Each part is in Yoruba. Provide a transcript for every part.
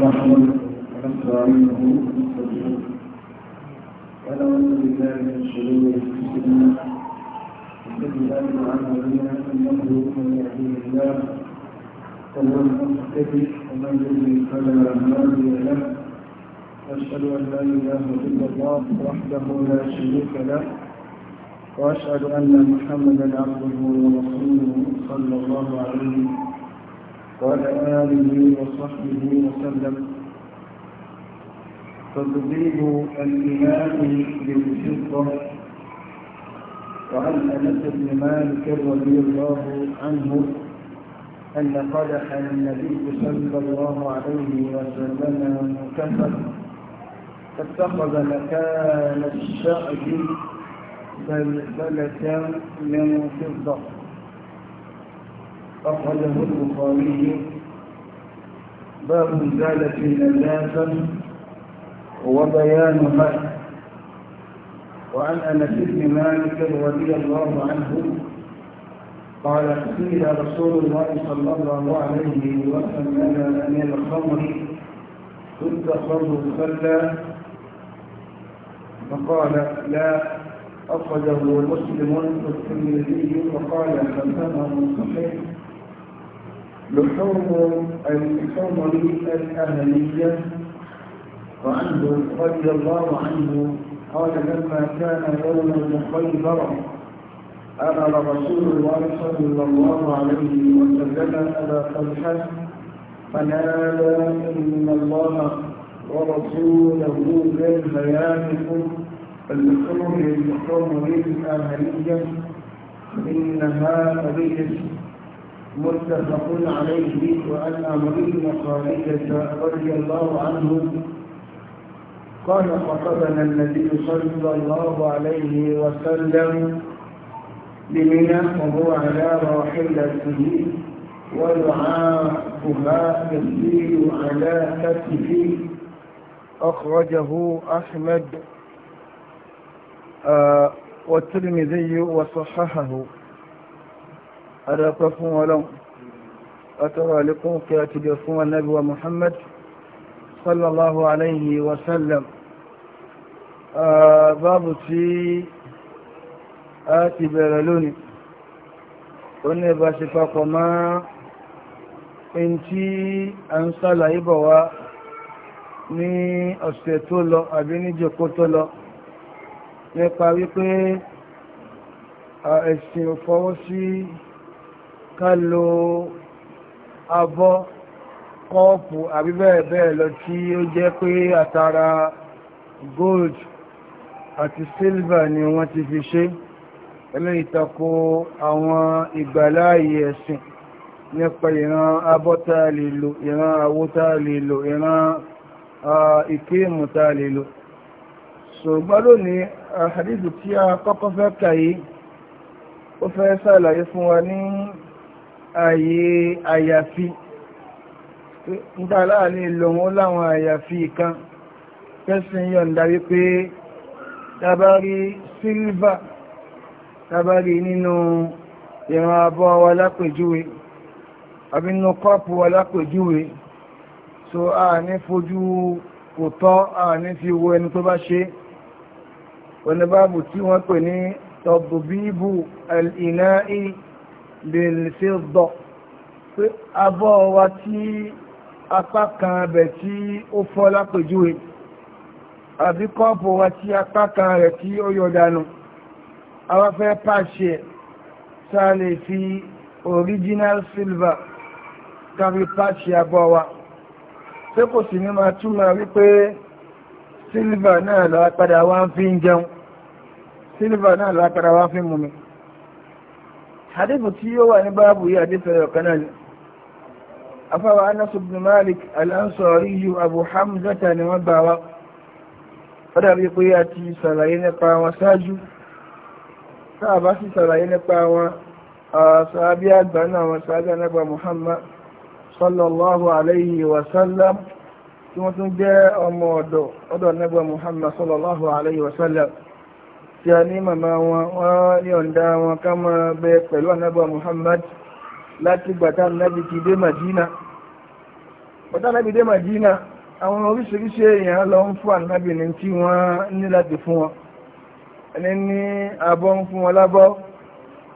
نحمده ونستعينه ونستغفره ونعوذ بالله من شرور انفسنا وسيئات اعمالنا انه من يهديه الله فهو المهتدي ومن يضلل فلا هادي له واشهد ان لا اله الا الله وحده لا شريك له واشهد ان محمدا عبده ورسوله صلى الله عليه وسلم وعلى آله وصحبه وسلم تطبيق الإمام بالفضة وعن أنس بن مالك رضي الله عنه أن قدح النبي صلى الله عليه وسلم مكفر فاتخذ مكان الشعب سلسلة من فضة أخرجه البخاري باب زالة النجاسة وبيانها وعن أنس بن مالك رضي الله عنه قال قيل رسول الله صلى الله عليه وسلم من الخمر تتخذ خلا فقال لا أخذه مسلم والترمذي وقال حسنه صحيح لحوم الحمر الأهلية وعنه رضي الله عنه قال لما كان يوم المخيبر أمر رسول الله صلى الله عليه وسلم أبا طلحة فنادى إن الله ورسوله للبيانكم الحمر الحمر الأهلية إنها قبيلة متفق عليه وأن أمرين خالدة رضي الله عنه قال فقدنا النبي صلى الله عليه وسلم لمنى وهو على راحلته ويعاقها الليل على كتفه أخرجه أحمد آه والترمذي وصححه adọ́pẹ́ fún ọlọ́run ọ̀tọ̀rọ̀ àlékún kí a ti gẹ fún ànábì wa Muhammad sallallahu alayhi wa sallam báàbù tí a ti bẹ̀rẹ̀ lónìí ó ní bá ṣe papọ̀ máa in tí a ń sálàyé bọ̀ wá ní ọ̀sẹ̀ tó lọ àbí ní tó lọ nípa wípé ẹ̀sìn fọwọ́ sí kán lo abọ́ kọ́ọ̀pù àbí bẹ́ẹ̀ bẹ́ẹ̀ lọ tí ó jẹ́ pé àtàrà gold àti silver ni wọ́n ti fi ṣe eléyìí tako àwọn ìgbàláàyè ẹ̀sìn nípa ìran abọ́ta lè lò ìran àwóta lè lò ìran ìkéèmù ta lè lò ṣùgbọ́n lónìí àhàdìdù tí a kọ́kọ́ fẹ́ kàyí ó fẹ́ sàlàyé fún wa ní àyè àyàfi nígbà láàrin ìlòun láwọn àyàfi kan tẹ́sìn yọ̀nda wípé tàbárí sílvà tàbárí nínú ìran abọ́ wa lápèjúwe àbí nínú kọ́pù wa lápèjúwe so a ní fojú kò tọ́ a ní fi wo ẹni tó bá ṣe oníbàbù tí wọ́n pè ní tọ̀bùbíbù al-ina'i bilfidda pé abọ́ wa tí apá kan abẹ̀ tí ó fọ́ lápèjúwe àbí kọ́ọ̀pù wa tí apá kan rẹ̀ tí ó yọ dànù àwọn fẹ́ pàṣẹ sáà lè fi original silver tàbí pàṣẹ abọ́ wa tí kò sì ní máa túnmà wípé silver náà lọ́wọ́ padà wá ń fi ń jẹun silver náà lọ́wọ́ padà wá ń fi mú mi hadithu tí ó wà ní báàbù yìí hadithu ẹ̀rọ kan náà afáwa anas ibn malik al-ansari yu abu hamzata ni wọ́n bá wa fọ́dà bí pé a ti sàlàyé nípa wọn ṣáájú táà bá sì sàlàyé nípa wọn sàábí àgbà náà wọn sàábí ànágbà muhammad sallallahu alayhi wa sallam tí wọ́n tún jẹ́ ọmọ ọ̀dọ̀ ọ̀dọ̀ ànágbà muhammad sallallahu alayhi wa sallam tí a ní màmá wọn wọ́n ní ọ̀dá wọn ká máa bẹ pẹ̀lú ànábà Muhammad láti gbàtà nábi ti dé Madina gbàtà nábi dé Madina àwọn oríṣiríṣi èèyàn lọ ń fún ànábì ní tí wọ́n ní láti fún wọn ẹni ní abọ́ ń fún wọn lábọ́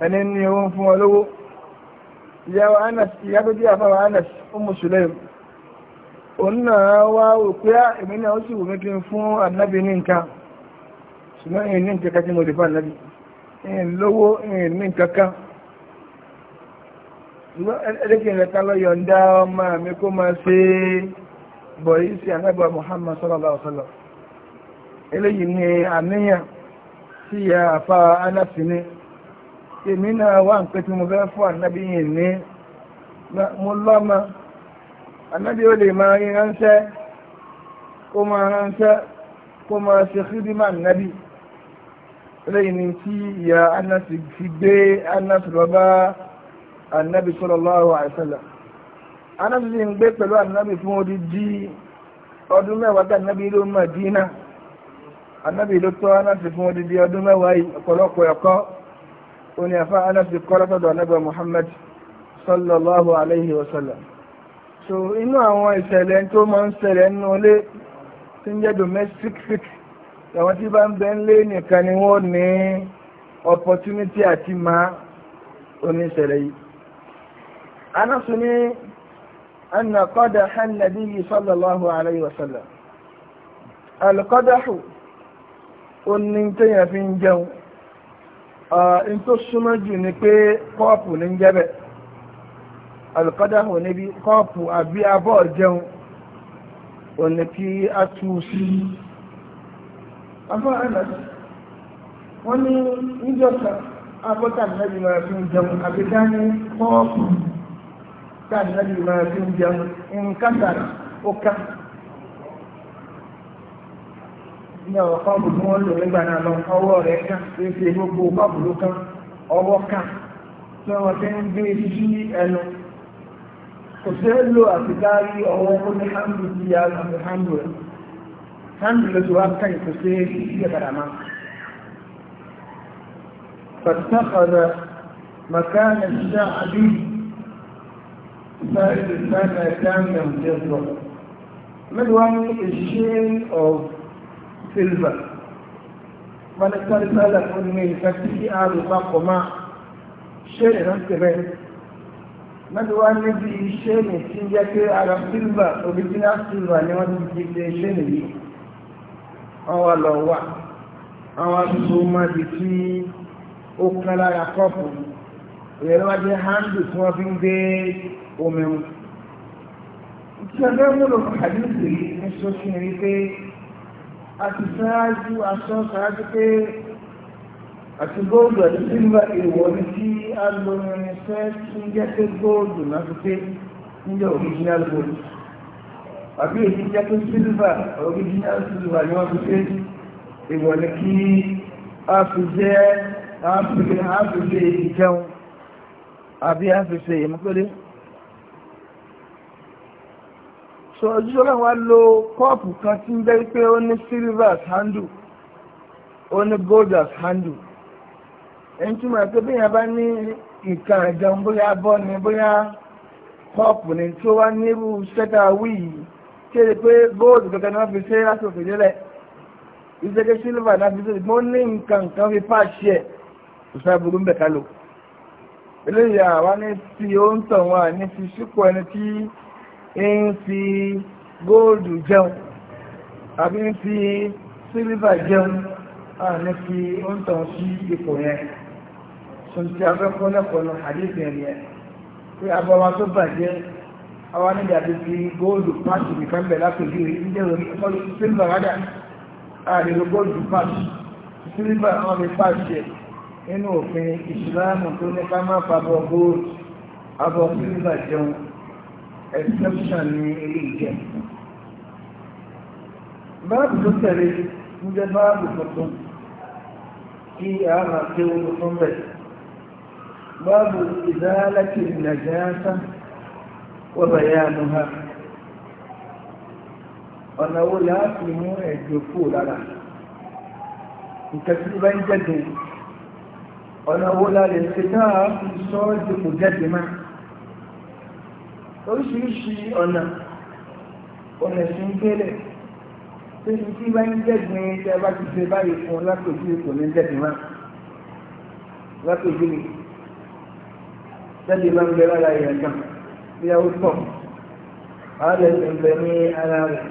ẹni ní owó ń fún wọn lówó ìyàwó Anas ìyá tó jẹ́ àfáwà Anas Ummu Sulaym òun náà wá òpé ah, èmi náà ó sì wù mí kí n fún ànábì ní nǹkan ṣùgbọ́n ẹ̀yìn ní nǹkan tí mo lè bá nàbí ẹ̀yìn lówó ẹ̀yìn ní nǹkan kan ẹlẹ́kìn rẹ̀ kan lọ́yọ̀ ń dá ọmọ mi kó máa ṣe bọ̀rí sí anábọ̀ Muhammad sallallahu alaihi wasallam eléyìí ni àníyàn tí ya àfa anáfì ní èmi náà wà ń pé tí mo fẹ́ fún ànábì yìí ní mo lọ́mọ ànábì ó lè máa rí ránṣẹ́ kó máa ránṣẹ́ kó máa ṣe kídímà nábì lẹ́yìn ni tí ìyá anasi fi gbé lọ bá anabi sallallahu alaihi wasallam anasi sì ń gbé pẹ̀lú anabi fún odidi ọdún mẹ́wàá tá anabi ló Madina anabi ló tọ́ anasi fún odidi ọdún mẹ́wàá yìí ọ̀pọ̀lọpọ̀ ẹ̀kọ́ kọ́ anabi sallallahu alaihi wasallam so inú àwọn ìṣẹ̀lẹ̀ tó máa ń ṣẹlẹ̀ nínú ilé domestic àwọn tí bá ń bẹ ńlé nìkan ni wọ́n ní opportunity àti ma oníṣẹ̀lẹ̀ yìí anáṣu ní anàkọ́dà hànàbí yìí sallallahu wa alùkọ́dàhù ó ní fi ń jẹun n tó súnmọ́ jù ni pé kọ́ọ̀pù ní jẹ́bẹ̀ alùkọ́dàhù níbi kọ́ọ̀pù àbí abọ́ jẹun ò a tú afọ ànàbì wọ́n ní níjọ́ kan abọ́tà nàbì máa fi ń jẹun àbí dání kọ́ọ̀pù tá nàbì máa fi ń jẹun nǹkan tàrà ní ọ̀rọ̀ kọ́ọ̀pù tí wọ́n lò nígbà náà lọ ọwọ́ rẹ̀ ká gbogbo ló kán ọwọ́ ká tí wọ́n ti ń gbé ẹnu kò hannu da zuwa kan ku sai ya fara ma فاتخذ مكان الشعبي سائل ما كان يمتزه مدوان الشين of silver wọ́n tẹ́lẹ̀ tẹ́lẹ̀ fún ní ìfẹ́ tí a rò papọ̀ máa ṣe ìrántí rẹ̀ mẹ́tọ́wá níbi ṣe ní tí jẹ́ pé silver original silver ni wọ́n ti fi ṣe wọ́n wá lọ wà àwọn aṣọ máa di tí ó kán lára kọ́ọ̀pù ìyẹn ló wá jẹ́ hándù tí wọ́n fi ń gbé omi mu. ìṣẹ́gbẹ́ múlò àdúgbò yìí ń sọ́sí rí pé a ti ṣáájú aṣọ ṣáájú pé àti góòlù àti sílvà èèwọ̀ ní tí a lo irinṣẹ́ tí ń jẹ́ pé góòlù náà fi pé níjẹ́ original gold àbí èyí jẹ́ pé sílvà original sílvà ni wọ́n fi pé ìwọ̀lẹ̀ kí a fi jẹ́ àáfíṣe ìjẹun àbí àáfíṣe ìmúkúlé so ojúṣọ́ náà wá lo kọ́ọ̀pù kan tí ń jẹ́ pé ó ní sílvà handle ó ní gold as handle ẹni tí mo rẹ̀ pé bí yẹn bá ní nǹkan ìjẹun bóyá bọ́ ni bóyá kọ́ọ̀pù ni tí ó wá nírú sẹ́tà wíì yìí kéde pé góòdù kankan ni wọ́n fi ṣe láti òfin nílẹ̀ ìṣẹ́gẹ́ sílùfà náà fi ṣe mọ́ ní nǹkan kan fi fà ṣí ẹ̀ òṣà burú ń bẹ̀ ká lò eléyìí àwa ní ti ó ń tàn wọn àní fi sípò ẹni tí ń fi góòdù jẹun àbí ń fi sílùfà jẹun àní fi ó ń tàn sí ipò yẹn sùn tí lẹ́kọ̀ọ́ lọ àdéhùn yẹn pé abọ́ wa tó bàjẹ́ àwa níbi àti ti góòlù pàṣì nìkan bẹ̀ látòjú ìjẹ́rò sílvà rádà àrẹ̀rọ góòlù pàṣì sílvà wọn fi pàṣì nínú òfin ìsìláàmù tó ní ká má fàbọ̀ góòlù abọ̀ sílvà jẹun exception ní ilé ìjẹ́ báàbù tó tẹ̀lé ń jẹ́ báàbù tuntun kí وبيانها ọ̀nà wo la fi mú ẹ̀jọ̀ kú lára nǹkan tí bá ń jẹ́dẹ̀ ọ̀nà wo la lè ṣe dáa fi sọ dìpò jẹ́dẹ̀ máa oríṣiríṣi ọ̀nà ọ̀nà sí ń gbélẹ̀ tí bá bá ti ṣe báyìí fún lápòjú kò ní jẹ́dẹ̀ máa lápòjú ni jẹ́dẹ̀ máa ń bẹ lára ìyàgbọ́n bí a pọ̀ àwọn ẹ̀sìn bẹ ní ara rẹ̀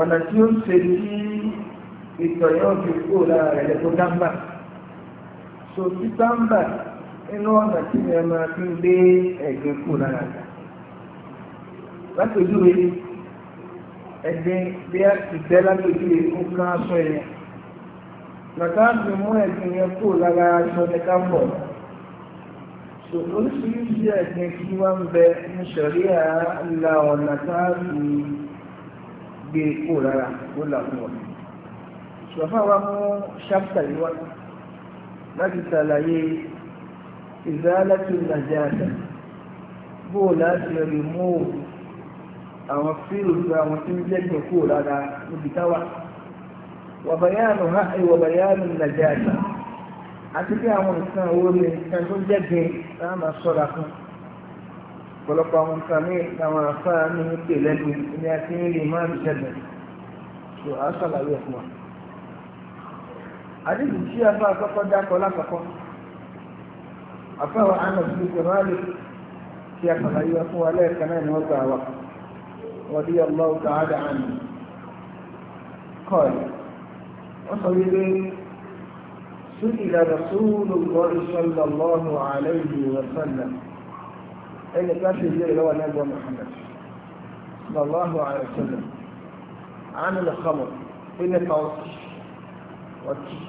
ọ̀nà tí ó ṣe tí ìtọ̀ yóò fi kú lára rẹ̀ lẹ́kọ́ dámbà so tí dámbà inú ọ̀nà tí mi máa fi ń gbé ẹ̀gbẹ́ kú lára rẹ̀ látòjúwe ẹ̀gbẹ́ bí a ti bẹ́ látòjúwe ó ká aṣọ yẹn nàtàbí mú ẹ̀gbẹ́ yẹn kú lára aṣọ ní ká mọ̀ ọ́ oríṣiríṣi ẹ̀sìn tí wọ́n ń bẹ ní ṣẹ̀ríà la ọ̀nà táàbì gbé kó rárá ó là fún wọn ṣọ̀fà wa mú ṣápítà yìí wá láti ṣàlàyé ìzálẹ́tì nàìjíríà bó láti rí mú àwọn fíìlù tó àwọn tí ń jẹ́gbẹ̀ kó rárá níbi táwa wàbàyánu ha ìwàbàyánu nàìjíríà àti bí àwọn nǹkan owó ni nǹkan tó jẹ́gbin láà máa sọ́ra fún ọ̀pọ̀lọpọ̀ àwọn nǹkan ní àwọn àfáà ní ìpè lẹ́gbin ní àti ní lè máa ń jẹ́gbin tó a ṣàlàyé fún wa. àdìsí tí a bá àkọ́kọ́ dákọ̀ lákọ̀ọ́kọ́ àfáà àna sí ìjọmáàlì tí a ṣàlàyé fún wa lẹ́ẹ̀kan náà ni wọ́n gbà wá wọ́n dí ọlọ́ọ̀ta àdá àná kọ́ọ̀lù wọ́n sọ سئل رسول الله صلى الله عليه وسلم أين كان في الليل هو نبي محمد صلى الله عليه وسلم عن الخمر إن توصي وتي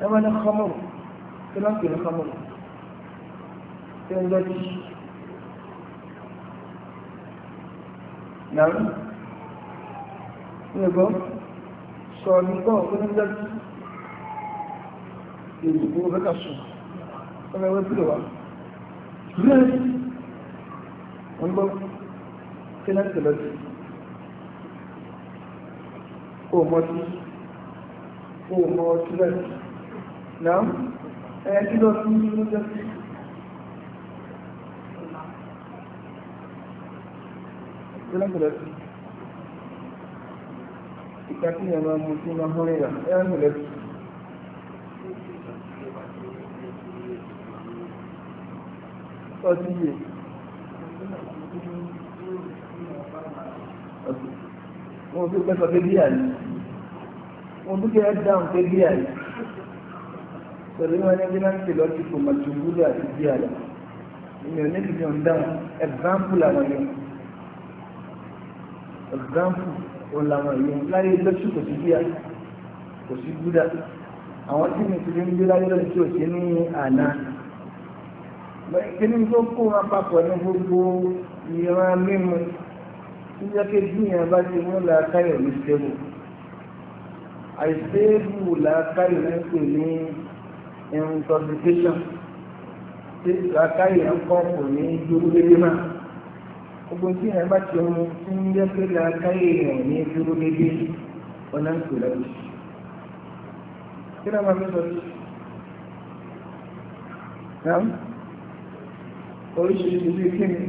كما الخمر كلام في الخمر كان نعم يقول سؤال الله عليه èrò kó o fẹ́ka sùn ọmọ ẹwẹ́ pílò wa rẹ̀ wọ́n gbọ́ kí náà tẹ̀lé sí kó o mọ́ sí kó o mọ́ sí rẹ̀ náà ẹ̀yẹ kí lọ sí ní mú sí ọmọ ọmọ ìyà ẹ̀yẹ tẹ̀lé sí ọtí yẹ wọn fi pẹ́sọ pé bí àyè wọn bí kí ẹ dáhùn pé bí àyè pẹ̀lú wọn ní ẹgbẹ́ náà ń tẹ̀lé ọtí kò mà ju búlù àti bí àyè ìyẹn ní kìí ọ̀n dáhùn ẹ̀gbáǹpù làwọn yẹn ẹ̀gbáǹpù òun làwọn yẹn láyé lọ́sù kò sí bí àyè kò sí búdà àwọn tí mi ti fi ń gbé láyé lọ́sù kò sí ní àná kíní tó kó wọn papọ̀ ní gbogbo ìran mímu tí jẹ́ pé bíyàn bá ti mú làákàyọ̀ ní sẹ́wọ̀ àìsèébù làákàyọ̀ ń pè ní intoxication tí làákàyọ̀ ń kọ́ kò ní dúró dédé náà gbogbo tí yẹn bá ti mú tí ń jẹ́ pé làákàyè ní dúró dédé ọ̀nà ń pèlè ọ̀sì. kí ló máa fi sọ sí? oríṣiríṣi bí kí ni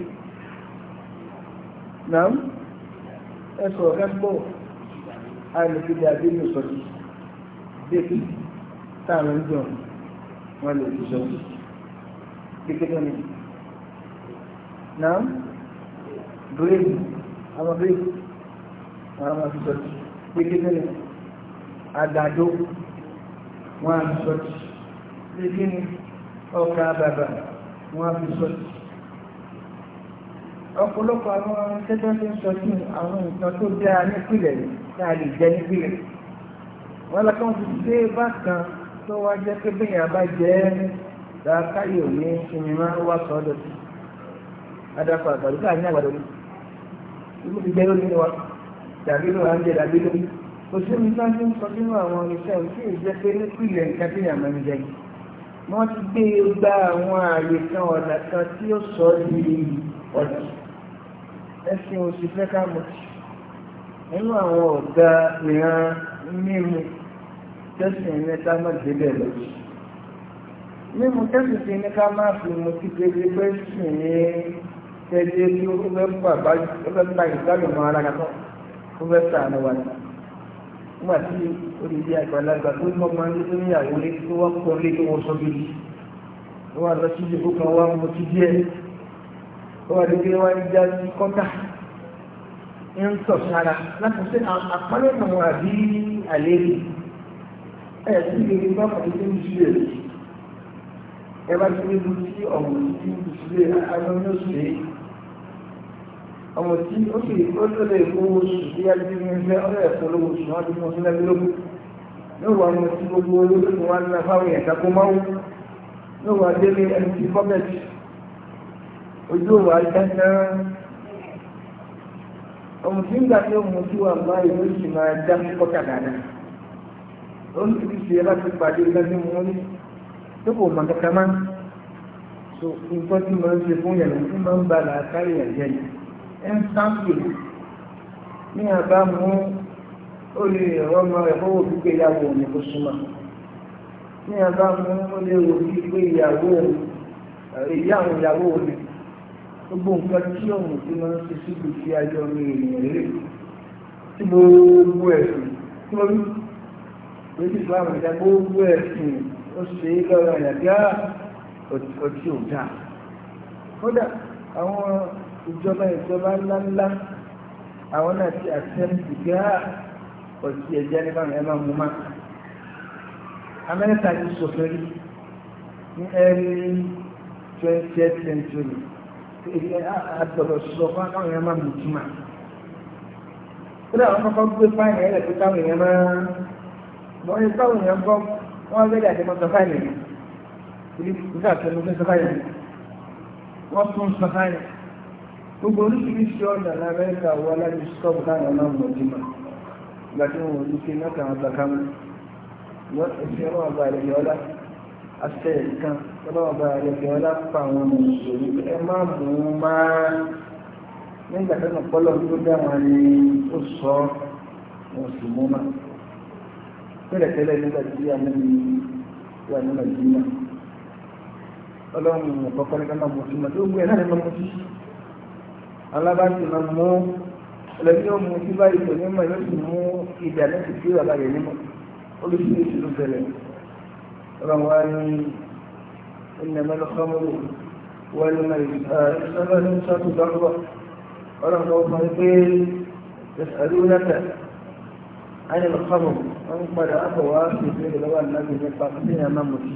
náà ẹsọ̀ ẹgbọ́ àìlèkìdì àdínú sọ̀tì dèkì táàrà ń jọ wọn lè fi sọ kékeré ni náà bírèkì àwọn bírèkì wọn máa fi sọ̀tì kékeré ni àgbàdo wọn á fi sọ̀tì kékeré ni ọkà bàbà wọn á fi sọ̀tì ọ̀pọ̀lọpọ̀ àwọn tẹ́tọ́ tó ń sọ sí àwọn nǹkan tó dáa nípìnlẹ̀ tá a lè jẹ nípìnlẹ̀ wọ́n lọ kàn fi ṣe bákan tó wá jẹ́ pé bẹ́yìn àbá jẹ́ làákàyè òní ìsinmi máa ń wá sọ ọ́ dọ̀tí adáfà àgbàdo káà ní àgbàdo ní ìlú ti jẹ́ lónìí wa dàbí ló à ń jẹ dàbí lónìí kò sí omi náà ti ń sọ sínú àwọn iṣẹ́ òkè ìjẹ́ pé nípìnlẹ̀ nǹkan wọ́n ti gbé e gba àwọn ààyè kan ọ̀nà kan tí ó sọ ọ́ di ọ̀dọ̀ ẹ̀sìn oṣù fẹ́ ká mọ̀ nínú àwọn ọ̀gá ìran mímu tẹ́sìn ní ká má débẹ̀ lọ. mímu tẹ́sìn ti ní ká má fi mu sí kéde pé sìn ní tẹ́lẹ̀ tí ó fẹ́ bàbá ó fẹ́ ta ìgbàlùmọ̀ mọ́ ara kan ó fẹ́ sàánú wa ni. nígbà tí olùdí àgbàlagbà tó mọ́ máa ń lé ní ìyàwó lé tó wọ́n kọ́ lé tó wọ́n sọ bí wọ́n lọ sí ibi kó kan wọ́n lè gbé wá ìjà ní kọ́tà ń tọ̀ sára láti ṣe àpárẹ̀ àwọn àbí àlejò ẹ̀ sí ilé ìgbà pàdé tó ń ṣe èrè ẹ bá ti lébu tí ọmọ tí ń ṣe àwọn yóò ṣe ọmọ tí ó sì ó tó lè fowó oṣù tí a ti ń fẹ́ ọ̀rẹ́ ẹ̀kọ́ lówó oṣù wọn ti mọ sí lẹ́gbẹ́ lógún yóò wá ọmọ tí gbogbo olóṣèlú wa ń lọ fáwọn ẹ̀ka kó máwó yóò wá délé ẹni tí kọ́mẹ̀tì ojú òwò àjẹ́jẹ́ ọmọ tí ń gbà tí ó mú sí wà máa yóò sì máa já sí kọ́kà dáadáa ó ń tìbí ṣe láti pàdé lẹ́nu mú ní tó kò mọ̀ kankan máa so nǹkan tí máa ń ṣe fún yẹn tí máa ń ba làákàrí ẹ̀jẹ̀ yìí ẹ̀ ń sáǹpì ní àbámu ó lè rọ́ ọmọ rẹ̀ fọwọ́ pípé ìyàwó òní kó súnmọ́ ní àbámu ó lè rò pípé ìyàwó ìyá àwọn ìyàwó òní gbogbo nǹkan tí òun ti máa ń ṣe síbi tí a jọ ní ìrìnlẹ̀ tí gbogbo ẹ̀sìn tí wọ́n rí lójú ìsìláàmù ìjà gbogbo ẹ̀sìn ó ṣe é lọ́rọ̀ ìyàgbá ah, ọtí ò dáa kódà àwọn ìjọba ìjọba ńláńlá àwọn náà ti àtẹ́ǹtì gá ah, ọtí ẹ̀jẹ̀ nípa ẹ̀ máa mú máa Amẹ́ríkà ti sọ̀fẹ́rí ní early twentieth century àgbọ̀dọ̀ sọ fún àwọn èèyàn máa mú túmọ̀. ó dà wọn kọ́kọ́ gbé fáìlì ẹ̀rẹ̀ pé táwọn èèyàn máa wọ́n ní táwọn èèyàn gbọ́ wọ́n bẹ̀rẹ̀ àti mọ́ sọ fáìlì rẹ̀ torí nígbà tó ló fẹ́ sọ fáìlì rẹ̀ wọ́n tún sọ fáìlì gbogbo oríṣiríṣi ọ̀nà lamẹ́ríkà wọ́n láti sọ́ọ̀bù káwọn náà mọ̀ túmọ̀ ìgbà tí wọn ní ṣe náà ọlọ́ọ̀bá ẹlẹ́gbẹ́ ọlápá àwọn mùsùlùmí ẹ má mú un máa nígbà tó nù pọ́lọ́ tó dá wọn ni ó sọ mùsùlùmí máa tẹ́lẹ̀tẹ́lẹ̀ nígbà tí a ní wà ní nàìjíríà ọlọ́run kọ́kọ́ ní ká máa mú símọ́ tó gbé náà ní máa mú sí alábàásì máa mú ẹlẹ́bí ó mú sí báyìí kò ní mọ̀ yóò sì mú ìdá náà sì sí ìwà báyìí nímọ̀ ó lè ṣe é ló bẹ̀rẹ̀ ọlọ́run wá ní. إنما الخمر والميسار سبب ستضرب قال ابو خيبيل يسألونك عن الخمر أنقل أخوات في لو النبي يقف حينما مشي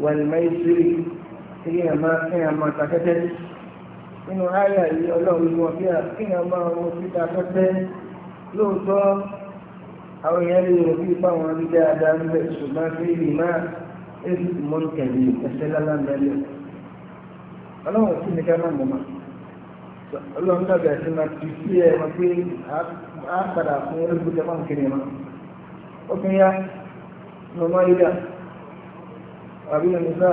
والميسر حينما حينما تكتل إنه آية الله الموفية حينما مشي تكتل لوطا أو يلي وفي طوال بجادة من السماء في èyí tí mo ń tẹ̀lé ẹsẹ̀ lálá mẹ́lẹ̀ ọlọ́run sí ni ká má mọ̀ ọlọ́run dàbí ẹ̀sìn máa ti sí ẹ máa pé á padà fún olóògbé máa ń kiri ma ó fi yá mọ̀mọ́ yíyá àbí ẹ̀mísà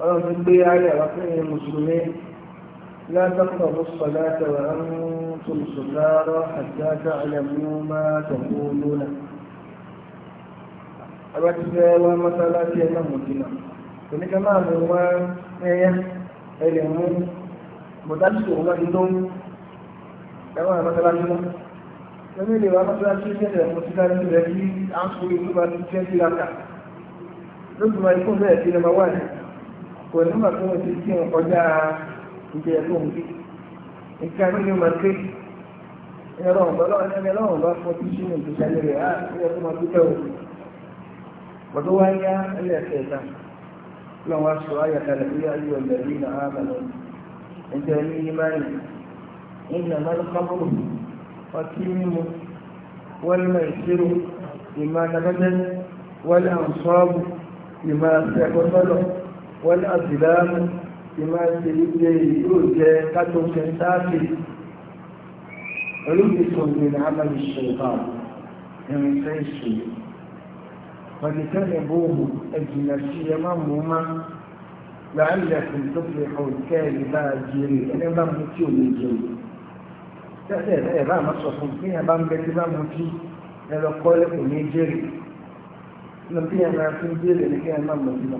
ọlọ́run ti gbé ayé àwọn akẹ́yìn mùsùlùmí لا تقربوا الصلاة وأنتم سكارى حتى تعلموا ما تقولون ọba ti fẹ́ wá mọ́sálásí ẹ̀nà mọ̀dínà oníkà máa mú wá ẹyẹ ẹlẹ̀ mú mọ̀dájútó wọn ti tó ń ẹwà mọ́sálásí mọ́ lórí ilé wa mọ́sálásí ṣẹlẹ̀ mọ́ sí láti rẹ̀ kí a ń kó ikú bá ti jẹ́ sí laka lóṣù máa ikú bẹ́ẹ̀ sí lọ́mọ wà ní kò ní màá tó wọn ti kí wọn kọjá ìjẹ ẹ̀kọ́ òun nǹkan mi ni màá ké ẹ̀rọ ọ̀gbọ́n lọ́wọ́ ẹ̀rọ ọ̀gbọ́n fọ́ tí ṣí ní ìgbésẹ̀ rẹ̀ á ẹ̀rọ tó gbogbo wa yá ilé ẹ̀kẹ́ ìta lọ́n wá sọ ayàtàlẹ̀ bí ayé ọ̀lẹ̀ bí nà á bàlẹ̀ ẹ̀jẹ̀ ní ìmáyì ìnà mọ́lùkọ́mọ́lù ọtí mímu wọ́n mọ̀ ìṣirò ìmọ̀ anabẹ́jẹ́ wọ́n àǹsọ́ọ̀bù ìmọ̀ àṣẹ́gbọ́sọ́lọ̀ wọ́n àṣìláàmù ìmọ̀ àṣìlẹ̀ yóò jẹ́ kátó ṣe ń sáàbì olùdíṣòwò ní àmàlì ṣèlú fàdìtẹ́lẹ̀ bóòmù ẹ̀jìnà sí ẹ má mú má láàrínlẹ̀kùn tó fi hàn kẹ́ẹ̀lì bá a jèrè ẹni bá mú tí ò lè jèrè tẹ́lẹ̀ ẹ̀ bá má sọ fún bí ẹ bá ń bẹ tí bá mú tí ẹ lọ kọ́ ẹ kò ní jèrè lọ bí ẹ máa fi jèrè ní kí ẹ má mọ̀ nílọ.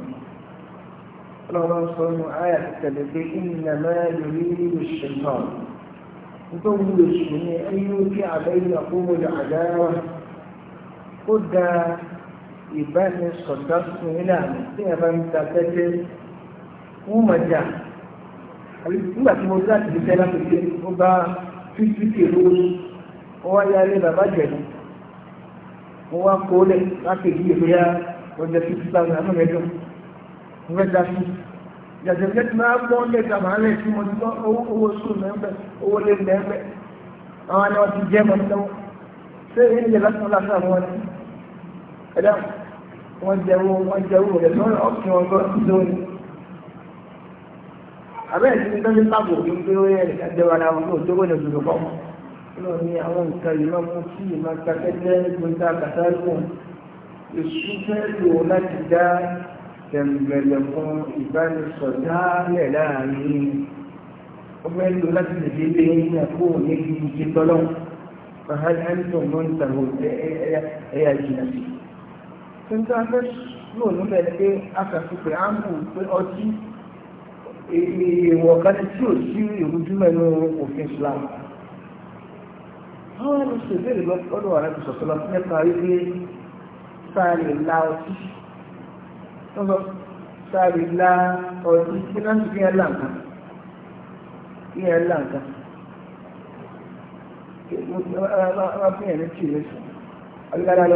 ọlọ́wọ́ sọ nù ayà tẹ̀lé pé ìnà máa lè rí nínú ṣẹ̀tọ̀ nítorí wúlò sùn ní ẹni ó kí àbẹ́yìn àkómọdé àdáyàwó ó dáa ìbánisọ̀dá fún iná tí ẹ bá ń ta tẹ́tẹ́ wọ́n mọ̀ jà nígbà tí mo dá ti di tẹ́lá pèsè ó bá fífi kèrò ó wá yálé bàbá jẹ̀lú ó wá kólẹ̀ láti ìdí ìgbéyà ọjọ́ fífi báwọn àmọ́ mẹ́jọ mo fẹ́ da sí jàdẹ̀lẹ́ ti máa gbọ́ lẹ́ta máa lẹ̀ tí mo ti gbọ́ owó sùn mẹ́mẹ́ owó lé mẹ́mẹ́ àwọn ni wọ́n ti jẹ́ mọ́ lọ́wọ́ ṣé ìyẹn lè lásán lásán àwọn ọ̀nà ẹ̀dá wọ́n jẹ́wọ́ wọ́n jẹ́wọ́ rẹ̀ lọ́rọ̀ ọ̀kí wọn gbọ́ lónìí. àbẹ́ẹ̀ tí wọ́n ti pàbò ní pé ó yẹ ẹ̀ka jẹ́wọ́ ara wọn lóòótọ́ gbọ́dọ̀ dùdù pọ̀ mọ́. lọ ní àwọn nǹkan yìí máa mú kí ìmọ̀ kakẹ́kẹ́ gbọ́dọ̀ àkàtà lò èṣù fẹ́ lò láti dá tẹ̀m̀bẹ̀lẹ̀ fún ìbánisọ̀dálẹ̀ láàrin ọmọ ẹlò láti lè lé ní àkó níbi ìṣẹ́ tọ́lọ́ nígbà pé yóò níbẹ̀ pé akàtúpẹ̀ á pé ọtí èèwọ̀ kan tí ò sí ìrújú mẹ́nu òfin Islam àwọn ẹni ṣe ìbéèrè lọ́dọ̀ ààrẹ kò sọ̀tọ̀ lọ nípa wípé sáré la ọtí wọ́n sáré la ọtí kí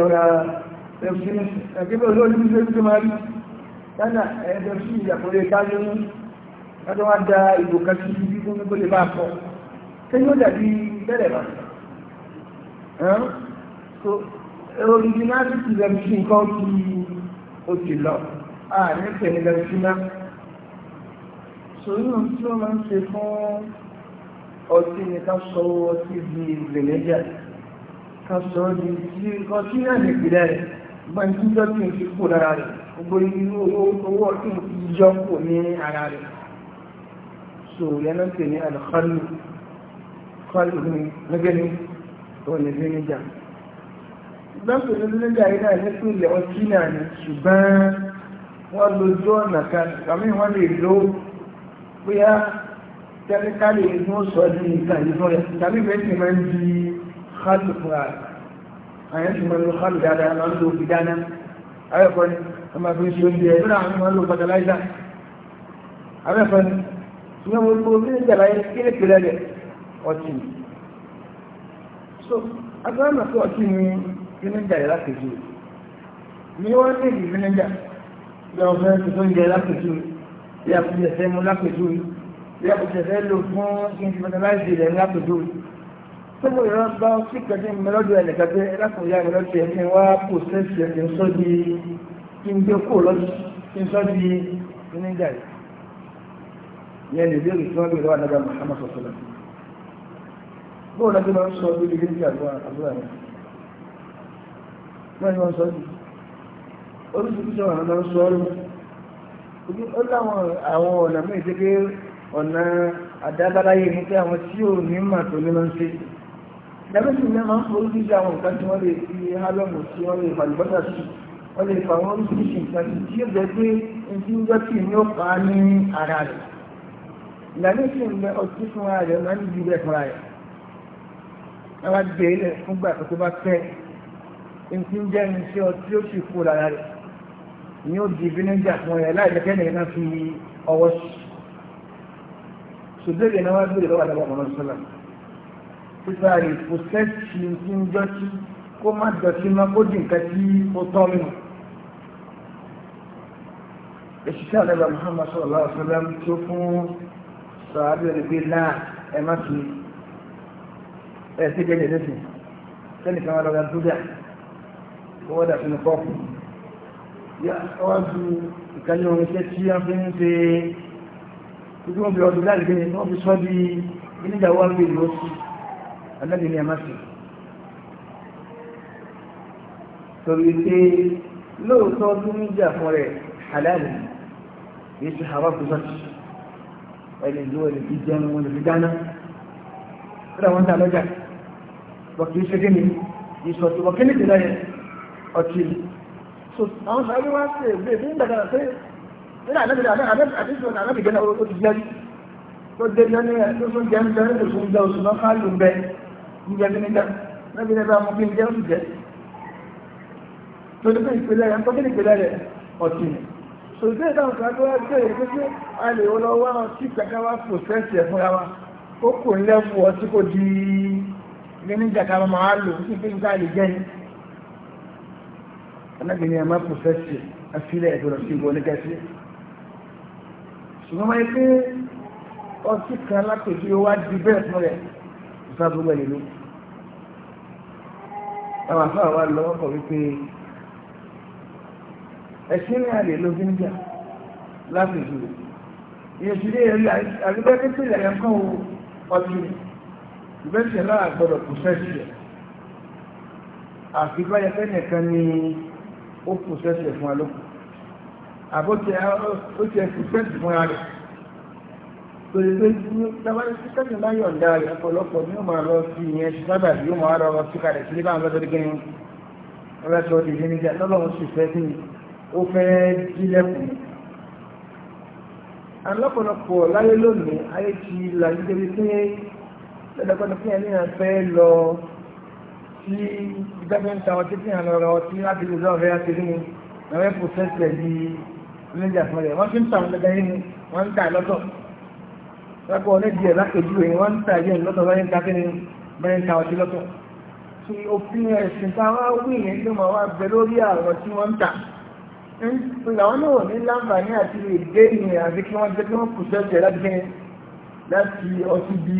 náà ẹgbẹ́ olóòlù ní ṣe máa rí tánà ẹgbẹ́ sí ìyàkóre kájú lọ́dọ́ wá da ìbò kan sí ibi fún gbogbo lè máa kọ́ tí yóò dàbí so originality revolution kan ti o ti lọ a ní tẹ̀lé revolution sòrí ohun tí wọ́n máa ń ṣe fún ọtí ni ká sọ ọtí di lèlẹ́jà ká sọ ọ́ di nǹkan tí náà nìpínlẹ̀ gbọ́n tí jọ́ tí n fi kò lára rẹ̀ gbogbo irú owó tí n fi jọ́ kò ní ara rẹ̀ so yẹn náà tè ní alìkọ́lù kọ́lù ní gẹ́gẹ́ ní òní vinegar ṣùgbọ́n kò ní vinegar yìí náà nípa ilẹ̀ ọtí náà ni ṣùgbọ́n wọ́n lójú ọ̀nà kan kàmí wọ́n lè lo bóyá kẹ́míkálì ní wọ́n sọ ọ́ di àyẹ́ sì máa ń lo kálù dáadáa máa ń lo ìdáná àwẹ́kọ́ ni wọ́n máa fi ń ṣe oúnjẹ ẹ̀rọ àwọn máa ń lo fertilizer àwẹ́kọ́ ni ṣùgbọ́n ní ìjàlá yẹn kí rẹ̀ ọtí so agbára mọ̀ pé ọtí ni fíníjà yẹn láti ju ni wọ́n ní ìdí fíníjà yọ fẹ́ tuntun oúnjẹ láti ju yàtúnjẹ fẹ́ mu láti ju yàtúnjẹ fẹ́ lò fún kí n fertilizer rẹ̀ láti e ìran bá sí kẹ́kẹ́ mẹ́lọ́dù ẹnìkan pé ẹlẹ́kùnrin yá mẹ́lọ́dù wá kò sẹ́sì ẹ̀mí sọ́ di kí n lọ́dún kí n sọ́ di oníjà yìí ìyẹn lè léèrè tí wọ́n lè lọ́wọ́ anábà lọ́dún sọ bí àdúrà rẹ̀ wọ́n ni wọ́n sọ bí oríṣiríṣi sọ ó láwọn àwọn ọ̀nà mí ìdíkẹ́ ọ̀nà àdábáláyé ní pé lẹ́mẹ́sì ní máa ń forí sí àwọn nǹkan tí wọ́n lè fi hálọ́mù sí wọ́n lè fàlùbọ́sà sí wọ́n lè fà wọ́n sí nǹkan tí tí ó jẹ́ pé ní tí ń jẹ́ kí ní ó pa á ní ara rẹ̀ ìlànà ìsìn ní ọtí fún ara rẹ̀ máa ń di ilẹ̀ rẹ̀ e ẹ wá rẹ̀ títà rè kò sẹ́ẹ̀sì tí ń dọ́tí kó má dọ̀tí mọ́ kó di nǹkan tí ó tọ́ mi. èsì tí Muhammad sallallahu alaihi wasallam tó fún sàádùn ẹni pé náà ẹ má fi ẹ sí jẹ́jẹ́ lẹ́sìn sẹ́ni kan wà lọ́gà dúdà kó wọ́n dà sínú kọ́ọ̀kù. wọ́n ju ìkànnì orin iṣẹ́ tí wọ́n fi ń ṣe gbogbo ọdún láti gbé wọ́n fi sọ́ di nígbà wọ́n ń anábì ní ẹmásì torí pé lóòótọ́ dúníjà fún rẹ̀ halali yìí ṣe àwọn kùsọ́tì ẹni ìlú ẹni tí jẹun wọn lè dáná rẹ̀ wọ́n tà lọ́jà bọ̀ kìí ṣe gẹ́ni ìṣọ̀tí bọ̀ kíní ti lẹ́yìn ọtí so àwọn sáré wá sí ẹgbẹ́ ìdí ìgbàgbà pé nínú àdábìdá àdábìdá àdábìdá ó ti jẹ́ tó dé jẹ́ ní ẹ̀ tó tún jẹ́ ń jẹ́ ní oṣù ń jẹ́ oṣù náà ká lù bẹ́ẹ̀ jíjẹ mímíkà náà bíi ẹgbẹ́ amúgbé jẹ́ oúnjẹ tó ní pé ìpìlẹ̀ rẹ̀ ń tọ́jú ìpìlẹ̀ rẹ̀ ọ̀tí ni so ìdí ìdáhùn kan tó wá jẹ́ èyí pé a lè wọ́n lọ wá ọtí kankan wá pòfẹ́sì ẹ̀ fúnra wa ó kò ń lẹ́fù ọtí kò di mímíkà ká máa lò sí pé nǹkan lè jẹ́ ni anábìnrin ẹ̀ má pòfẹ́sì afílẹ̀ ẹ̀ tó ó wá di bẹ́ẹ̀ fún rẹ̀ sábà wẹ̀ nínú. àwọn afáà wa lọ́wọ́ kọ̀ wípé ẹ̀sìn ní àlè ló fi ń jà láti ìṣòro ìyẹ̀sílẹ̀ ẹ̀rí àgbẹ̀kẹ́ tó yàyà kan ọdún ìbẹ́sẹ̀ náà gbọ́dọ̀ kò sẹ́sì rẹ̀ àfi báyẹ̀ fẹ́ nìkan ni ó kò sẹ́sì fún alókù àbótẹ́ ó ti ẹ̀kù sẹ́sì fún ara rẹ̀ torí pé tábàlì sísẹ́jù máa yọ̀ǹda rẹ̀ ọ̀pọ̀lọpọ̀ ní òmà lọ sí ìyẹn sábà bí ó máa rọrọ sí kalẹ̀ sílé báwọn lọ́dọ́ gẹ́gẹ́ ọlọ́sọ̀ òdì ìdí níjà lọ́lọ́run sì fẹ́ sí ó fẹ́ jílẹ̀kùn alọ́pọ̀lọpọ̀ láyé lónìí ayé ti làyé débi pé lọ́dọ̀gbọ́dọ̀ fún ẹni náà fẹ́ lọ sí gọ́ọ̀mẹ́ntà ọtí tí àwọn ọ̀rọ̀ ọtí láti lè lọ́ọ̀rẹ́ láti rí ni àwọn ẹ̀fọ́ sẹ́sẹ̀ fún rẹ̀ wọ́n fi ń ta àwọn lápò ọ̀lẹ́ díẹ̀ lápèjú èyí wọ́n ń ta ẹ̀yẹ́ lọ́tọ̀ lọ́yẹ́ ń ta kí ni bẹ́ẹ̀ ń ta ọtí lọ́tọ̀ tí òfin ẹ̀sìn tá wá wí yẹn ló máa wá bẹ lórí àwọn tí wọ́n ń tà làwọn náà ní láǹfààní àti èdè ni àti kí wọ́n jẹ́ kí wọ́n kù sẹ́jẹ̀ láti kí láti ọtí bí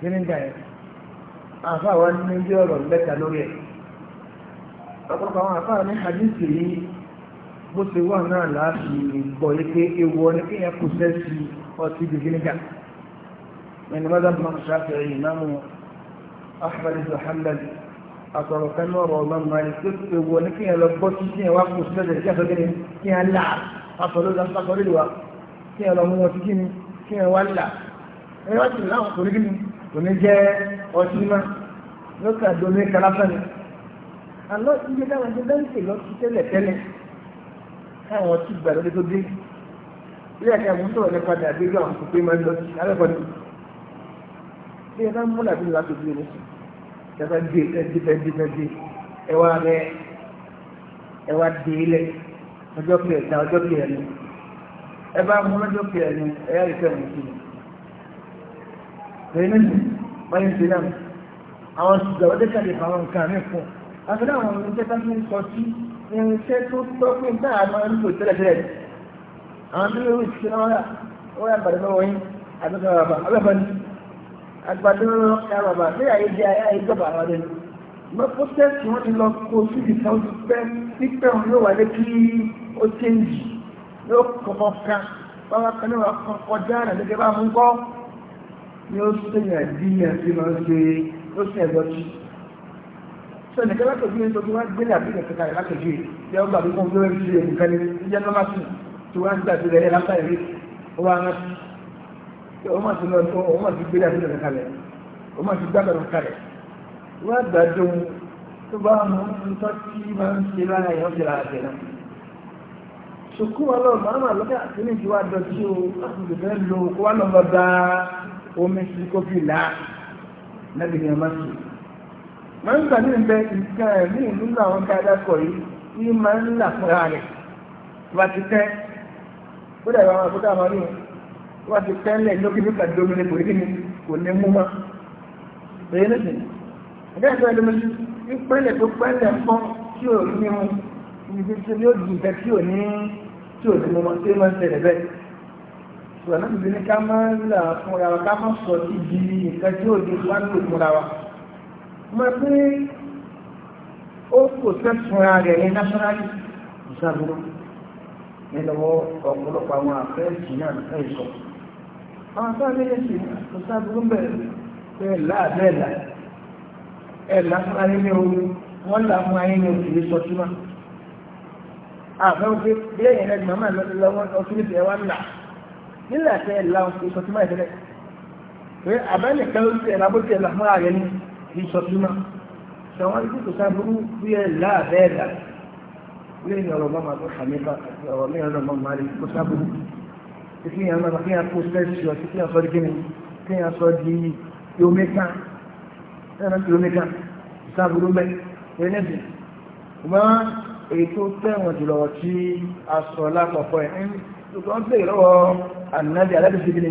gínígà yẹn àfa wa ní ilé ọ̀rọ̀ mẹ́ta lórí ẹ̀ ọ̀pọ̀lọpọ̀ àwọn àfa ní hadith ọtí di gíníkà ẹni mọ́dá bí wọ́n ṣáfì ẹ̀yìn náà ahmed muhammed àtọ̀rọ̀ kan náà rọ̀ ọ̀gbọ́n máa ní tó ti wọ ní kíyàn lọ bọ́ sí kíyàn wá kó sílẹ̀ sí àtọ́gẹ́ ni kíyàn là àtọ̀rọ̀ lọ sàkọ́ lè wa kíyàn lọ mú wọn sí kíni kíyàn wá là ẹni wá ti láwọn kò ní kíni kò ní jẹ́ ọtí náà ló kà domi ni àlọ́ ibi táwọn ẹgbẹ́ bẹ́ẹ̀ ń lọ sí tẹ́lẹ̀ tẹ́lẹ̀ káwọn ọtí gbàdúrà bí ẹ̀ka mú sọ̀rọ̀ nípa dàbí ìlú àwọn òpin máa ń lọ sí alẹ́kọ̀ọ́dún bí ẹ bá mú làbí ìlú àtòjú ẹni sùn ẹ̀ka dé ẹ̀dí ẹ̀dí ẹ̀dí ẹwà rẹ ẹwà dé ilẹ̀ ọjọ́ pé ẹ̀ta ọjọ́ pé ẹ̀nu ẹ bá mú lọ́jọ́ pé ẹ̀nu ẹ̀yà ìfẹ́ mú sí i. lẹ́yìn náà wọ́n yẹn ti náà àwọn ṣùgbọ́n ọdẹ kàdé fáwọn nǹkan mi fún àfẹ́lẹ́ àwọn irinṣẹ́ tó ń sọ sí irinṣẹ́ tó tọ́ pé báà máa ń lò tẹ́lẹ̀tẹ́lẹ̀ àwọn tó lórí ti náà wọ́n yà bàdé lọ́wọ́ yín àbẹ́kọ̀ bàbá abẹ́fẹ́ ni àgbàdo ya bàbá bí àyè jẹ́ àyè jọba àwọn adé ni mọ́ pósẹ́sì wọn ti lọ kó síbi kan ó ti pẹ́ pípẹ́ wọn yóò wà lé kí ó ti ń jì yóò kọ́kọ́ kan báwa kan náà kọjá rẹ̀ lẹ́gẹ́ bá mú kọ́ ni ó sèyàn díyàn sí máa ń ṣe ó sì ẹ̀dọ́ jù sọ nìkan látòjú ní tó ti wá gbé wẹ́rẹ́ sí ẹ̀mí kan ní ìjẹ́ nọ́másì tí wọ́n ń gbàdúrà rẹ̀ lápá ìrí ó wá rántí pé ó mà ti lọ tó ó mà ti gbé dàbí lọ́dọ̀ kalẹ̀ ó mà ti gbàgbọ́ kalẹ̀ wọ́n àgbàdo tó bá mú nǹkan tí máa ń ṣe lára èèyàn jẹ́ lára jẹ́ náà ṣùkú ọlọ́run máa máa lọ́kẹ́ àtúnú ti wá dọ̀tí o láti fẹ́ lo kó wá lọ́mọ bá omi sí kó fi là lábẹ́ ni a máa ṣe máa ń gbà ní ìbẹ́ nǹkan ẹ̀mí nínú àwọn dáadáa kọ̀ yìí yìí máa ń là fúnra rẹ̀ ó dàbí àwọn àkókò àwọn ọdún wọ́n ti tẹ́lẹ̀ lókè nípa domini kò ní kò ní mú mọ́ èyí ní sìn ẹgbẹ́ ìfẹ́ lómi ní pẹ́lẹ̀ tó pẹ́lẹ̀ ń pọ́n tí ò ní mú ibi tí ó di ìfẹ́ tí ò ní tí ò ní mú mọ́ tí ó máa ń tẹ̀lẹ̀ bẹ́ẹ̀ ṣùgbọ́n náà ti ní ká máa ń là fúnra wa ká máa sọ sí di nǹkan tí ò ní wá ní òfúnra wa mo pé ó kò fẹ́ fúnra rẹ̀ ní nationality nílọ́wọ́ ọ̀pọ̀lọpọ̀ àwọn àfẹ́ẹ̀sì náà ẹ̀kọ́ àwọn sáàbẹ̀lẹ̀sì tó sáàbùrú bẹ̀rẹ̀ láàbẹ̀ẹ̀lá ẹ̀lá fún ayé ní orí wọ́n là fún ayé ní òkèlè sọtúmá àfẹ́wọ́pẹ́ bí ẹ̀yìn rẹ̀ màmá lọ́wọ́ ọtúlẹ̀ tẹ̀ wá là nílẹ̀ àti ẹ̀lá òkèlè sọtúmá ìfẹ́lẹ̀ pé àbẹ́lẹ̀ kan ló ti ẹ̀lá bó ti ẹ̀lá fún ayé ní lẹ́yìn ọ̀rọ̀ mọ́mọ́ àbúrò hànífà àti ọ̀rọ̀ lẹ́yìn ọ̀rọ̀ mọ́mọ́ àlè kó sábò kí yẹn máa kí yẹn kó sẹ́sì ọtí kí yẹn sọ di kíni kí yẹn sọ di yomeka ẹran yomeka sábúrú mẹ ẹnẹsì ṣùgbọ́n ètò tẹ̀wọ̀n jùlọ tí a sọ lápapọ̀ ẹ̀ ń ṣùgbọ́n bẹ́ẹ̀ lọ́wọ́ ànádi aládùsí kíni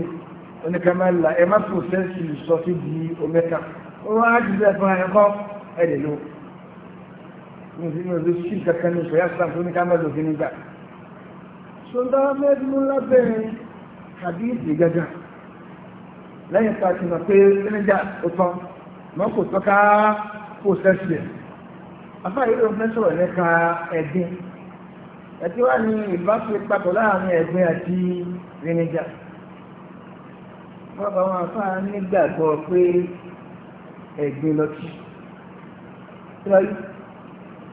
oníkàmẹ́lá ẹ má kó sẹ́sì sọtí di omeka ó wá jùlọ ẹ̀fọn ẹ̀kọ́ ẹ̀dẹ̀ mùsùlùmí ò lè ṣí kankan ní ìṣòyà islam tó ní ká mẹ́lò sí nígbà ṣọ́ndá mẹ́dínú lábẹ́rin hadisi gẹ́gẹ́ lẹ́yìn tá a ti mọ̀ pé nígbà ó tán mọ́ kò tọ́ka kò sẹ́sì ẹ̀ afáàyè ló fẹ́ sọ̀rọ̀ nípa ẹ̀dín ẹ̀tí wá ní ìbáṣe papọ̀ láàrin ẹ̀gbin àti rìnrìnjà wọ́n bá wọn afáà nígbàgbọ́ pé ẹ̀gbin lọ́tí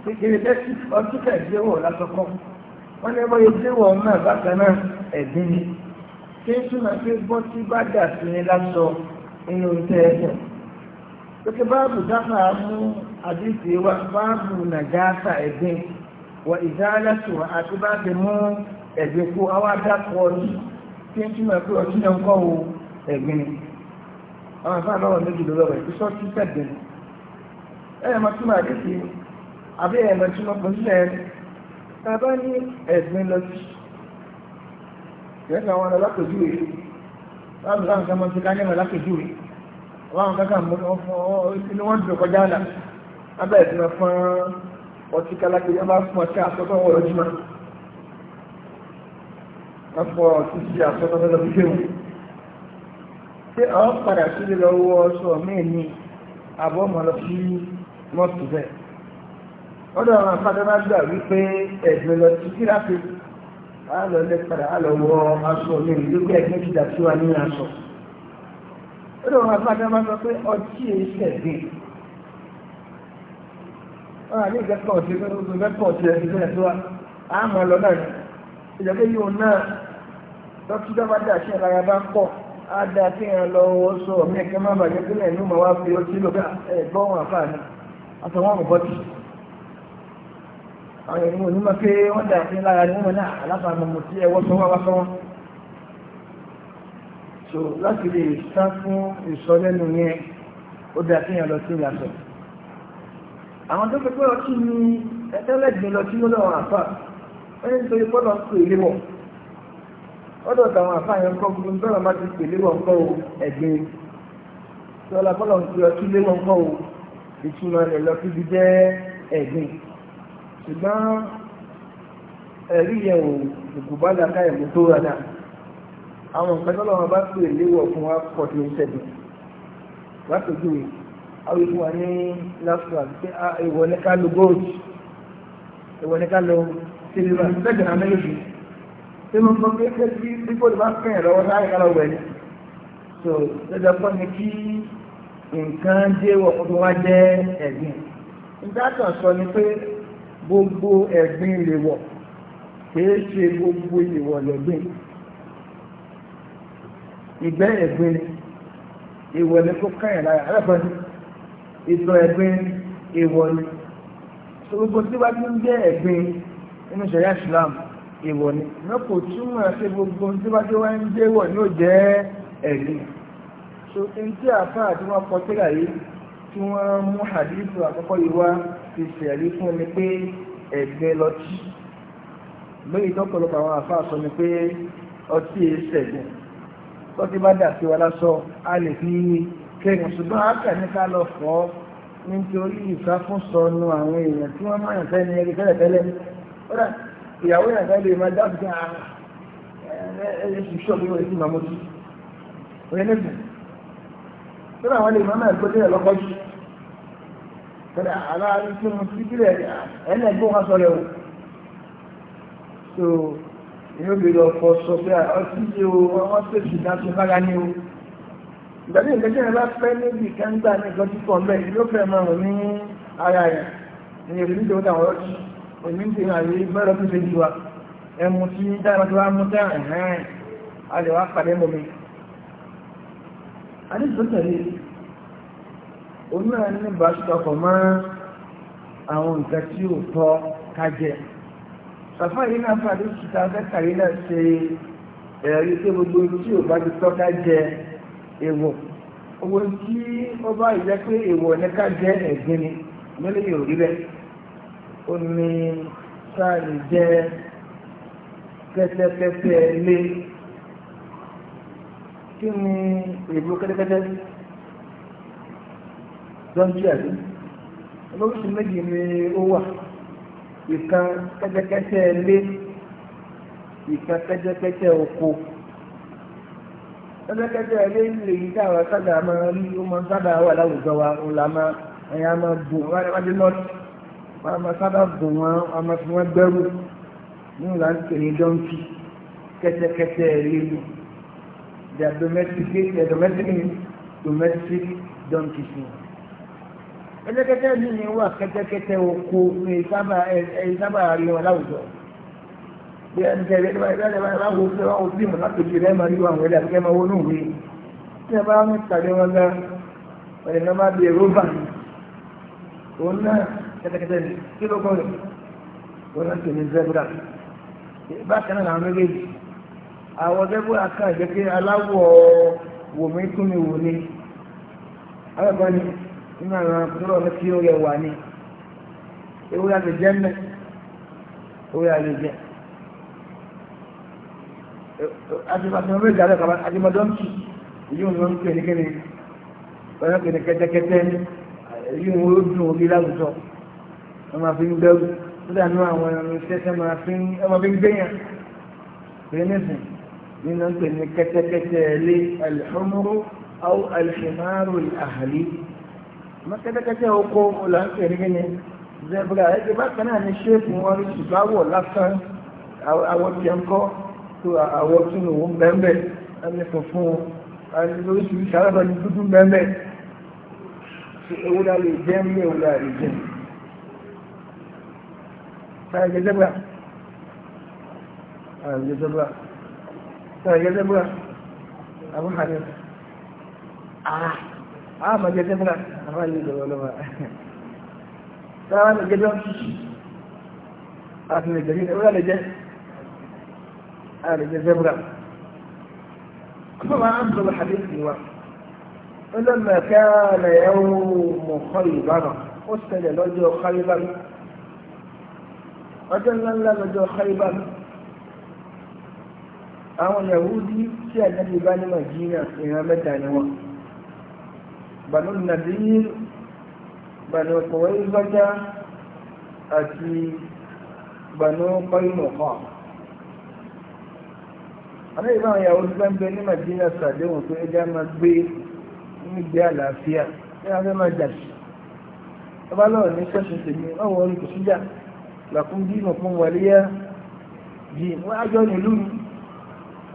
kékeré lẹ́sìn ọdún tẹ̀gbéwọ̀ lásọkọ́ wọ́n ní ẹgbẹ́ ìgbéwọ̀ náà bákan náà ẹ̀dín ni tí ń túnmọ̀ pé bọ́ tí bá dà sí ni lásọ inú tẹ́ ẹ̀dẹ̀ pẹ̀kẹ́ báàbù mú àdìsí wa báàbù nàgáàtà ẹ̀dín wọ àti mú ẹ̀dín kú àwọn adákọ̀ ọdún ń pé ọdún náà ń kọ́ wo ni àwọn àfáà àbí ẹ̀mọ̀ tí wọ́n pín sílẹ̀ ẹni tàbá ní ẹ̀sìn lọ sí ìrẹ́sìn àwọn alákòjúwe láti láwọn kan mọ́ sí káyẹ̀mọ̀ alákòjúwe láwọn kankan mú inú wọn dùn kọjá àlà abẹ́ ẹ̀sìn lọ fún ọtí kálákì yẹn bá fún ọtí àsọtọ̀ wọ̀ lọ́jú mọ́ wọ́n fún ọtí sí àsọtọ̀ lọ́jú kéwù ṣé ọ̀ padà sílẹ̀ lọ́wọ́ sọ mí ní àbọ̀ mọ́ lọ sí mọ́tò bẹ́ẹ̀ ọ̀dọ̀ àwọn akádọ́nà gbà wípé ẹ̀gbẹ́ lọ sí kíláàsì àlọ́ lẹ́ padà àlọ́ wọ aṣọ mi ìlú pé ẹgbẹ́ ti dà sí wa ní aṣọ. ọ̀dọ̀ àwọn akádọ́nà sọ pé ọtí èyí sẹ̀gbìn. ọ̀rọ̀ àní ìgbẹ́kọ̀ ọ̀sẹ̀ ìgbẹ́kọ̀ ọ̀sẹ̀ ìgbẹ́kọ̀ ọ̀sẹ̀ wa àmọ́ lọ náà ni ìjọba yìí òun náà dókítà bá dà sí ara bá pọ̀ á dá sí ìran lọ wọ́n sọ ọ̀mí ẹ̀kẹ́ má bàjẹ́ sílẹ̀ ní ìmọ̀ wá fi ọtí lọ bá ẹ̀gbọ́n àfààní àtàwọn àmọ̀bọ́tì àwọn ènìyàn onímọ̀ pé wọ́n dà sí lára ní wọ́n náà alábàámọ̀ mọ̀ sí ẹwọ́ sọ wá sọ́wọ́n so láti lè sá fún ìsọlẹ́nu yẹn ó dà sí yàn lọ sí ìyàtọ̀ àwọn tó pẹ́ ọtí ni ẹ̀tẹ́lẹ́gbẹ̀ẹ́ lọ sí lọ́wọ́ àfà wọ́n ní nítorí pọ́lọ́ ń pè é léwọ̀ ọ̀dọ̀ tàwọn àfà yẹn kọ́ gbogbo nítorí wọn bá ti pè léwọ̀ ńkọ́ o ẹ̀gbẹ́ tí ọlá pọ́lọ́ ń pè ọtí léwọ̀ ńkọ́ o ìtumọ̀ rẹ̀ lọ síbi jẹ́ ẹ̀gbẹ́ ṣùgbọ́n ẹ̀rí yẹn ò ìgbùgbà làkà ẹ̀mú tó rà náà àwọn nǹkan tó lọ́wọ́ bá pè léwọ̀ fún wa pọ̀ tó ń ṣẹ̀dọ̀ látòjúwe àwọn ìfún wa ní last one pé ìwọ ní ká lo gold ìwọ ní ká lo silver lẹ́gbẹ̀ẹ́ náà méjèèjì tí mo gbọ́ pé pé tí pípọ̀ tó bá kẹ́yìn lọ́wọ́ sáré ká lọ́wọ́ ẹni so lọ́jọ́ pọ́ ni kí nǹkan jẹ́ wọ̀ fún wa jẹ́ ẹ̀gbìn nígbà tó sọ ni pé gbogbo ẹ̀gbin lèwọ̀ kìí ṣe gbogbo ìwọ̀ lẹ̀gbin ìgbẹ́ ẹ̀gbin ni ìwọ̀ ni kó kẹ́yìn lára alábọ̀ ni ìtọ̀ ẹ̀gbin ìwọ̀ ni gbogbo tí wàá ti ń jẹ́ ẹ̀gbin nínú ìṣẹ̀lẹ̀ Islam ìwọ̀ ni lọ́pọ̀ túmọ̀ ṣe gbogbo tí wàá ti wá ń jẹ́ ìwọ̀ ni ó jẹ́ ẹ̀gbin so ní tí àfáà tí wọ́n kọ sílẹ̀ yìí tí wọ́n mú hadithu àkọ́kọ́ yìí wá fi ṣẹ̀rí fún mi pé ẹ̀gbẹ́ lọ́tí lórí ìdọ́pọ̀lọpọ̀ àwọn àfáà sọ ni pé ọtí ṣẹ̀gùn tọ́tí bá dà sí wa lásọ a lè fi kẹrin ṣùgbọ́n a kà ní ká lọ fọ́ nítorí ìfàfúnsọnù àwọn èèyàn tí wọ́n máa ń fẹ́ ní ẹgbẹ́ tẹ́lẹ̀tẹ́lẹ̀ kódà ìyàwó yẹn fẹ́ lè máa dábì ká ẹyẹ ṣùṣọ́ bí wọ́n ti máa mọ́tò òye nígbà tó àwọn lè máa máa gbọ́dọ̀ lọ́kọ́ kódà aláàárín tí mo ti bílẹ̀ ẹ̀ẹ́nà ẹ̀gbọ́n wọn sọ rẹ̀ o so inú mi lọ fọ sọ pé ọtí yìí o wọ́n tẹ̀sí dáṣọ lára ní o ìgbàdí ìgbẹ́jẹ́ rẹ̀ bá pẹ́ níbi kẹ́ńgbà ní ìgbọ́n títọ̀ mẹ́ ló fẹ́ máa rùn ní ara rẹ̀ ní èrè nídìí ó dàwọ́ ọtí òní ti rà òun náà ní ìbáṣepọ̀ mọ́ àwọn nǹkan tí ò tọ́ kájẹ sàfà yìí náà fàdé síta fẹ́ka yìí náà ṣe ẹ̀rí pé gbogbo tí ò bá ti tọ́ kájẹ èèwọ̀ owó tí ó bá yẹ pé èèwọ̀ ní kájẹ ẹ̀gbin ni mẹ́lẹ̀ yóò rí bẹ́ẹ̀ ó ní sáà jẹ́ kẹ́tẹ́kẹ́tẹ́ lé kí ni èèwọ̀ kẹ́tẹ́kẹ́tẹ́ zọ́nbí àbí olóríṣi méjì ni ó wà ìkan kẹ́tẹ́kẹ́tẹ́ lé ìkan kẹ́tẹ́kẹ́tẹ́ oko kẹ́tẹ́kẹ́tẹ́ lé lè yí káwa sábà máa rí ó máa sábà wà láwùjọ wa ńlá máa ẹ̀yà máa dùn wọ́n á dé lọ́tì wọ́n á máa sábà dùn wọ́n á máa fi wọ́n gbẹ́rù ní ìlà ń pè dọ́ńkì kẹ́tẹ́kẹ́tẹ́ lé lù their domestic domestic domestic donkeys ni kẹ́tẹ́kẹ́tẹ́ mi ni wà kẹ́tẹ́kẹ́tẹ́ oko ní ìsábà rí wọn láwùjọ bí ẹni tẹ̀lé ní wáyé lẹ́yìn wáyé wáwo fẹ́ wáwo fíìmù látòjú rẹ̀ máa rí àwọn ẹ̀dá kẹ́ máa wọnú ìwé tí ẹ bá ń tàbí wọn lọ wọn ìná máa bí èrò bá òun náà kẹ́tẹ́kẹ́tẹ́ ni kí ló kọ́ rẹ̀ wọn náà tẹ̀lé zebra bákan náà làwọn méjèèjì àwọn zebra kan ìjẹ́ pé aláwọ̀ wòmí túnmi wò ni àwọn ẹ̀kọ́ ni. nínú àwọn akúrò ní kí ó yẹ wà ní ewúrẹ́ àlè jẹ́ mẹ́ ewúrẹ́ àlè jẹ́ àtìmọ̀tò méjì àlẹ́ kàbá àtìmọ̀tò ń kì èyí wọn ń pè ní kíni wọn ń pè ní kẹ́tẹ́kẹ́tẹ́ èyí wọn ó dùn orí láwùjọ wọn máa fi ń bẹ́rù nígbà náà àwọn ẹran iṣẹ́ tẹ́ máa fi ń ọmọ fi ń gbéyàn pé nísìn nínú ń pè ní kẹ́tẹ́kẹ́tẹ́ ẹ̀lẹ́ alḥumru aw alḥimaru alahali. mọ́kẹ́tẹ́kẹ́tẹ́ oko ọ̀là ń pè nígbẹ́ ni zebra ẹgbẹ́ bákan náà ní ṣéèpù wọn rí ṣùgbọ́n àwọ̀ lásán àwọ̀ tiẹ̀ ń kọ́ tó àwọ̀ tún òun bẹ́ẹ̀ ẹni funfun ẹni lóríṣiríṣi alábẹ́ ní dúdú bẹ́ẹ̀ ewúrẹ́ lè jẹ́ ń lé ewúrẹ́ lè jẹ́ sáyẹ̀gẹ́ zebra sáyẹ̀gẹ́ zebra sáyẹ̀gẹ́ zebra àbúhàdé ah a ah, ma jẹ tẹ́tẹ́rà àwọn ilé ìjọba ọlọ́wà tẹ́wàá lè jẹjọ́ àti lè jẹ́ ẹgbẹ́ lè jẹ́ àlè jẹ́ zebra kuma an zama hadisi wa ولما كان يوم خيبر أسند لجو خيبر وجلنا لجو خيبر àwọn ah, yahudi tí àjáde bá ní màjínà ìran mẹ́ta ni wọn banu nadir banu kọ̀wẹ́gbẹ́já àti banu kọ́ìmọ̀kọ́ àwọn ìgbà àwọn ìyàwó tó ń bẹ ní madina sàdéhùn tó ẹjá máa gbé nígbé àlàáfíà ní abẹ́ máa jà sí ọba lọ́rọ̀ ní sẹ́sùn tèmi ọwọ́ orí kò síjà làkún dínà fún wàlíyá di wọ́n ájọ́ nílùú ni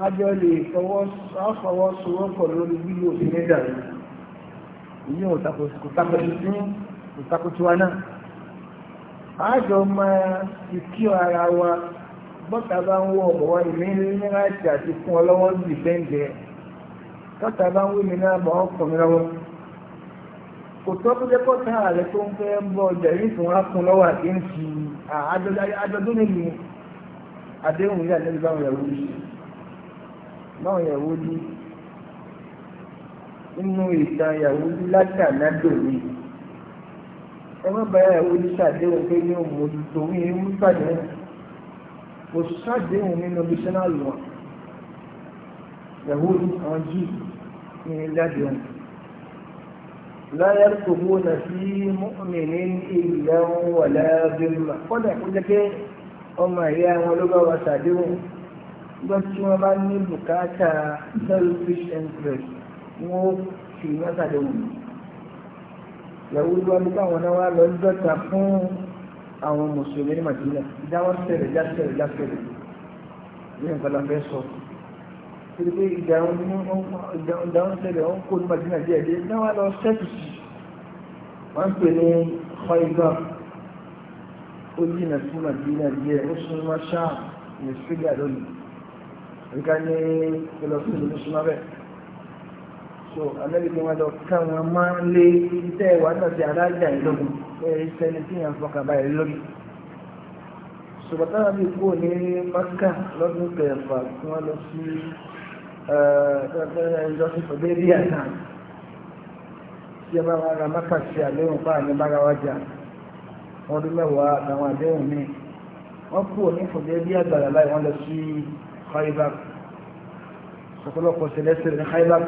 ájọ́ lè lórí bí yóò fi ní dàrú ìyẹn ò tako kò tako sí kò tako tiwa náà àjọ máa ti kí ara wa bọ́ta bá ń wọ ọ̀bọ̀ wa ìmí ní láti àti fún ọ lọ́wọ́ sí ìfẹ́ǹdẹ̀ bọ́ta bá ń wí mi náà bọ́ ọkùnrin lọ́wọ́ kò tọ́ tó jẹ́ pọ́ta ààrẹ tó ń fẹ́ bọ́ nínú ìtàn Yàhúdí látànádò ni ẹ má bá Yàhúdí ṣàdéhùn pé ní òun òtútù mi ń ṣàdéhùn kò ṣàdéhùn nínú missionary wọn Yàhúdí àwọn jíì ní ìdádéhùn láyé tó bó na sí mọ́mìnì ìlẹ̀ wà lábẹ́rẹ́mà kọ́dà kó jẹ́ pé ọmọ ìyá wọn ló bá gbọ́n tí wọ́n bá ní bùkátà selfish interest wọ́n fi iná sàdéhùn mi ìyàwó olúwa ní káwọn náà wá lọ dọ́ta fún àwọn mùsùlùmí ní Madina ìdáwọ́ sẹ̀rẹ̀ jásẹ̀rẹ̀ jásẹ̀rẹ̀ ní nǹkan la fẹ́ sọ torí pé ìdáwọ́ sẹ̀rẹ̀ ó ń kó ní Madina díẹ̀ díẹ̀ náà wá lọ sẹ́tù sí wọ́n pè ní Khaybar ó jìnà sí Madina díẹ̀ ó sún mọ́ sáà ní sígà lónìí nǹkan ìlọsílẹ̀ ló sún mọ́ bẹ́ẹ̀ so anábì tí wọ́n lọ ká wọn máa ń lé iṣẹ́ ìwà náà ti alájà ìlọ́gbìn pé sẹ́ni tí yàn fọkàn báyìí lórí sọ̀bọ̀tàrà bí kúrò ní maka lọ́dún kẹfà tí wọ́n lọ sí ẹ̀ẹ́dọ́sí fọ̀bẹ́rì àná tí ẹ bá wà ra maka sí àdéhùn fáà ní bára wájà wọ́n dún mẹ́wàá àtàwọn àdéhùn míì wọ́n kúrò ní fọ̀bẹ́rì àgbàlá láì wọ́n lọ sí Khaibar sọ̀pọ̀lọpọ̀ sẹlẹ̀sẹ̀ ní Khaibar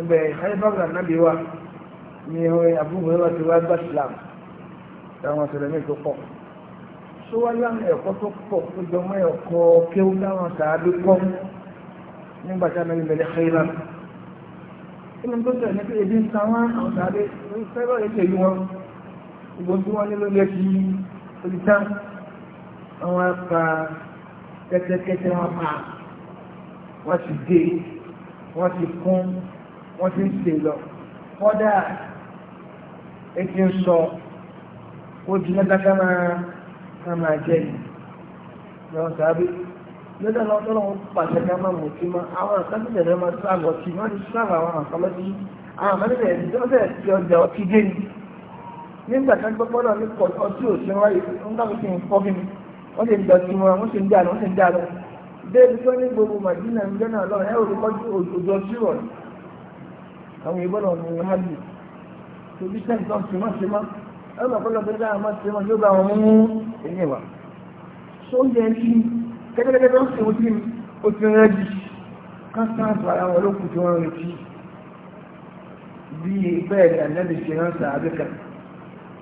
níbẹ̀ ṣáyẹ́fàgbà nábì wa ní abúgbò wa ti wá gbà Islam táwọn sọ̀rọ̀ mi tó pọ̀ tó wá láwọn ẹ̀kọ́ tó pọ̀ tó jọ mọ́ ẹ̀kọ́ kéwú láwọn sàábí kọ́ nígbà tí a mẹ́rin bẹ̀rẹ̀ xeyra inú tó tẹ̀ ní pé ebi ń ta wọn àwọn sàábí fẹ́rọ̀ ètò ìlú wọn ìbò tí wọ́n nílò lẹ́sí olùtá àwọn apá kẹ́tẹ́kẹ́tẹ́ wọn pa wọ́n ti dé wọ́n ti kún wọ́n ti ń lọ kọ́dà ètí ń sọ ó di máa máa jẹ́ yìí lọ́wọ́ sábẹ́ lọ́dọ̀ náà wọn pàṣẹ ká máa mọ̀ sí máa àwọn àkàtúntẹ̀ rẹ̀ máa sáàbọ̀ sí na ti sáàbọ̀ àwọn àkàlọ́sí àwọn àkàtúntẹ̀ rẹ̀ ti ti ọjà ọtí dé nígbà ní ọtí òsì àwọn ìbọn ọ̀nà ìyẹn má lù tó bí sẹ́ǹtì náà ṣe má ṣe má ẹ̀rọ ọ̀pọ̀lọpọ̀ tó dára má ṣe má yóò bá wọn mú ẹ̀yìn wa ṣó yẹ kí kẹ́kẹ́kẹ́ tó ń ṣe ojú mi ó ti rẹ́ jù kástáǹsì ara wọn ló kù tí wọ́n retí bí bẹ́ẹ̀ ni ànábì ṣe ránṣẹ́ àbíkà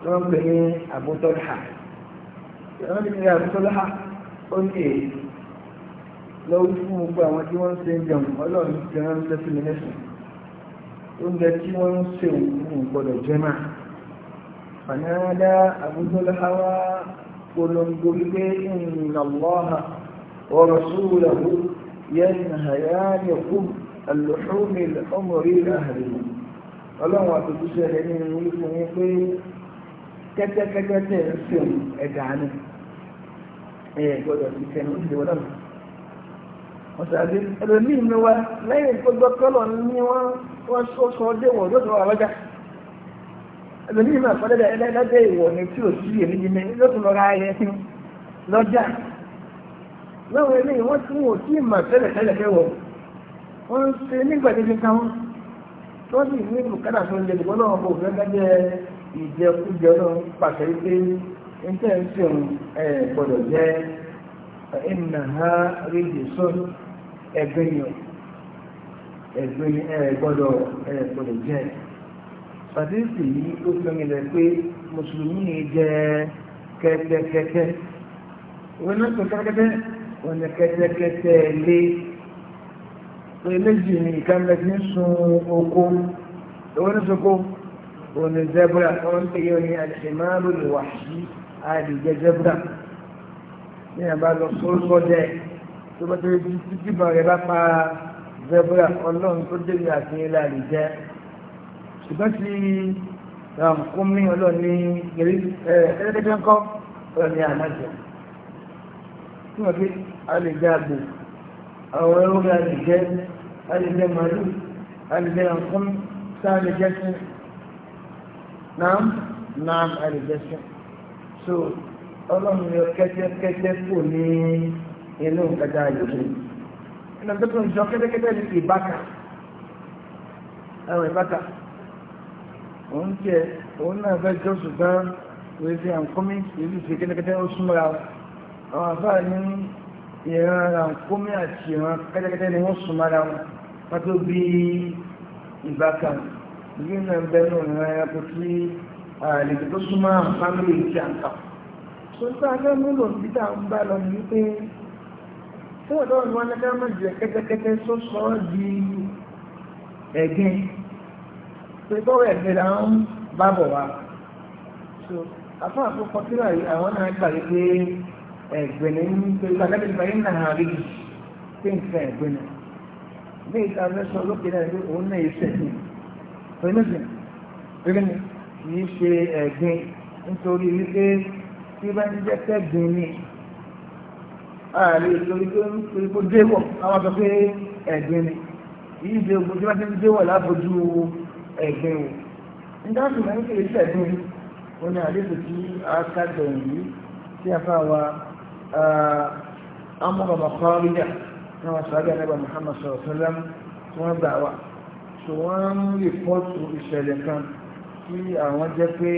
tó ń pè ní àbútọ́lá ìrántí ní àbútọ́lá ó ní èyí lọ́wọ́ fún gbogbo àwọn tí wọ́n ń ṣe ń jẹun ọlọ́run ti ránṣẹ́ sí mi lẹ́sìn oúnjẹ tí wọ́n ń ṣe òun gbọ́dọ̀ jẹ́ máa fànádá àbújọ́láwá polongo wípé ìrìnàlọ́ha ọ̀rọ̀ súwúlẹ̀hú yẹ́nà àyáyẹ̀kú alùhúmi ọmọrí àhàrìmù ọlọ́run àtòjúṣe rẹ̀ ní ìlú fún yín pé kẹ́tẹ́kẹ́tẹ́ tẹ̀ ń ṣe ẹ̀dá ni ẹ̀yẹ gbọ́dọ̀ ti lẹ́yìn tó gbọ́ ní wọ́n wọ́n sọ dé wọ̀n yóò tún wà ẹ̀mí yìí máa fọ́lẹ́dẹ̀ ẹlẹ́dẹ́ ìwọ̀ ni tí ò sí èmi yìí ní yóò tún lọ ra ayẹ lọ́jà lọ́wọ́ eléyìí wọ́n tún wò tí mà tẹ́lẹ̀ tẹ́lẹ̀ fẹ́ wọ̀ wọ́n ṣe nígbà tẹ́lẹ̀ ká wọn tí wọ́n sì ní bùkátà tó ń lè dùgbọ́n náà kò fẹ́ gájẹ́ ìjẹkújẹ ẹ̀gbẹ́ ni ẹ gbọ́dọ̀ ẹ gbọ́dọ̀ jẹ́ pàtísì yìí ó fi ọmọ ilẹ̀ pé mùsùlùmí jẹ́ kẹ́tẹ́kẹ́tẹ́ wọn náà sọ kẹ́tẹ́kẹ́tẹ́ wọn ni kẹ́tẹ́kẹ́tẹ́ lé eléjì ni ìkànnì ti ń sun oko wọn ní soko wọn ni zebra wọn pè é ní alìsèmáàlú lè sí àdìjẹ zebra ní àbá lọ sọ́ọ́sọ́ jẹ tó bá tẹ̀lé títí bá bá pa zebra ọlọ́run tó débi àti ilẹ̀ àlìjẹ́ ṣùgbọ́n ti um, kún mí ọlọ́run ní ẹ̀ẹ́dẹ́gbẹ́ ńkọ́ ọlọ́run ní ànájẹ́ tí wọ́n fi àlìjẹ́ àgbò àwọn ẹrúgbẹ àlìjẹ́ àlìjẹ́ màálù àlìjẹ́ nkún sá àlìjẹ́ sí náà náà àlìjẹ́ sí so ọlọ́run yọ kẹ́tẹ́kẹ́tẹ́ kù ní inú kẹta àlìjẹ́ yìí ẹnà tó tún jọ kẹ́tẹ́kẹ́tẹ́ ní ìbáka ẹwọ ìbáka òun tiẹ̀ òun náà fẹ́ jọ ṣùgbọ́n wọ́n fi hàn kọ́mí ìlú ṣe kẹ́tẹ́kẹ́tẹ́ ó súnmọ́ra àwọn àfáà ní ìran hàn kọ́mí àti ìran kẹ́tẹ́kẹ́tẹ́ ni wọ́n súnmọ́ra wọn pátó bí ìbáka ìlú náà ń bẹ́ẹ̀ náà ìran ẹranko tí àlejò tó súnmọ́ àwọn fámìlì ìjà ń kà. sọ́ńtà fẹ́ múlò nígbà ń bá lọ ní pé fún ọ̀dọ́ ìlú anáfẹ́ méjì kẹ́tẹ́kẹ́tẹ́ tó sọ ọ́ di ẹ̀gbin pé bọ́wọ́ ẹ̀gbin là ń bá bọ̀ so àfọ́n àkókò tí wà yìí àwọn náà gbà wípé ẹ̀gbin ní pẹ̀lú adábẹ́lẹ́ báyìí náà rí pé nǹkan ẹ̀gbin náà ní ìta mẹ́sàn án lókè náà ní òun náà yìí sẹ́yìn onímọ̀sìn rírin kì í ṣe ẹ̀gbin nítorí wípé tí bá ń jẹ́ kẹ́gbin ni ààrẹ lórí tó ń pè kó déwọ̀ àwọn sọ pé ẹ̀gbin ni yìí dé ogun tí wọ́n ti ń déwọ̀ láfojú ẹ̀gbin o nígbà tí wọ́n ń pè sí ẹ̀gbin o Muhammad sọ̀rọ̀ sọ́lám tí wọ́n gbà wá so wọ́n ń rìpọ́tù ìṣẹ̀lẹ̀ kan tí àwọn jẹ́ pé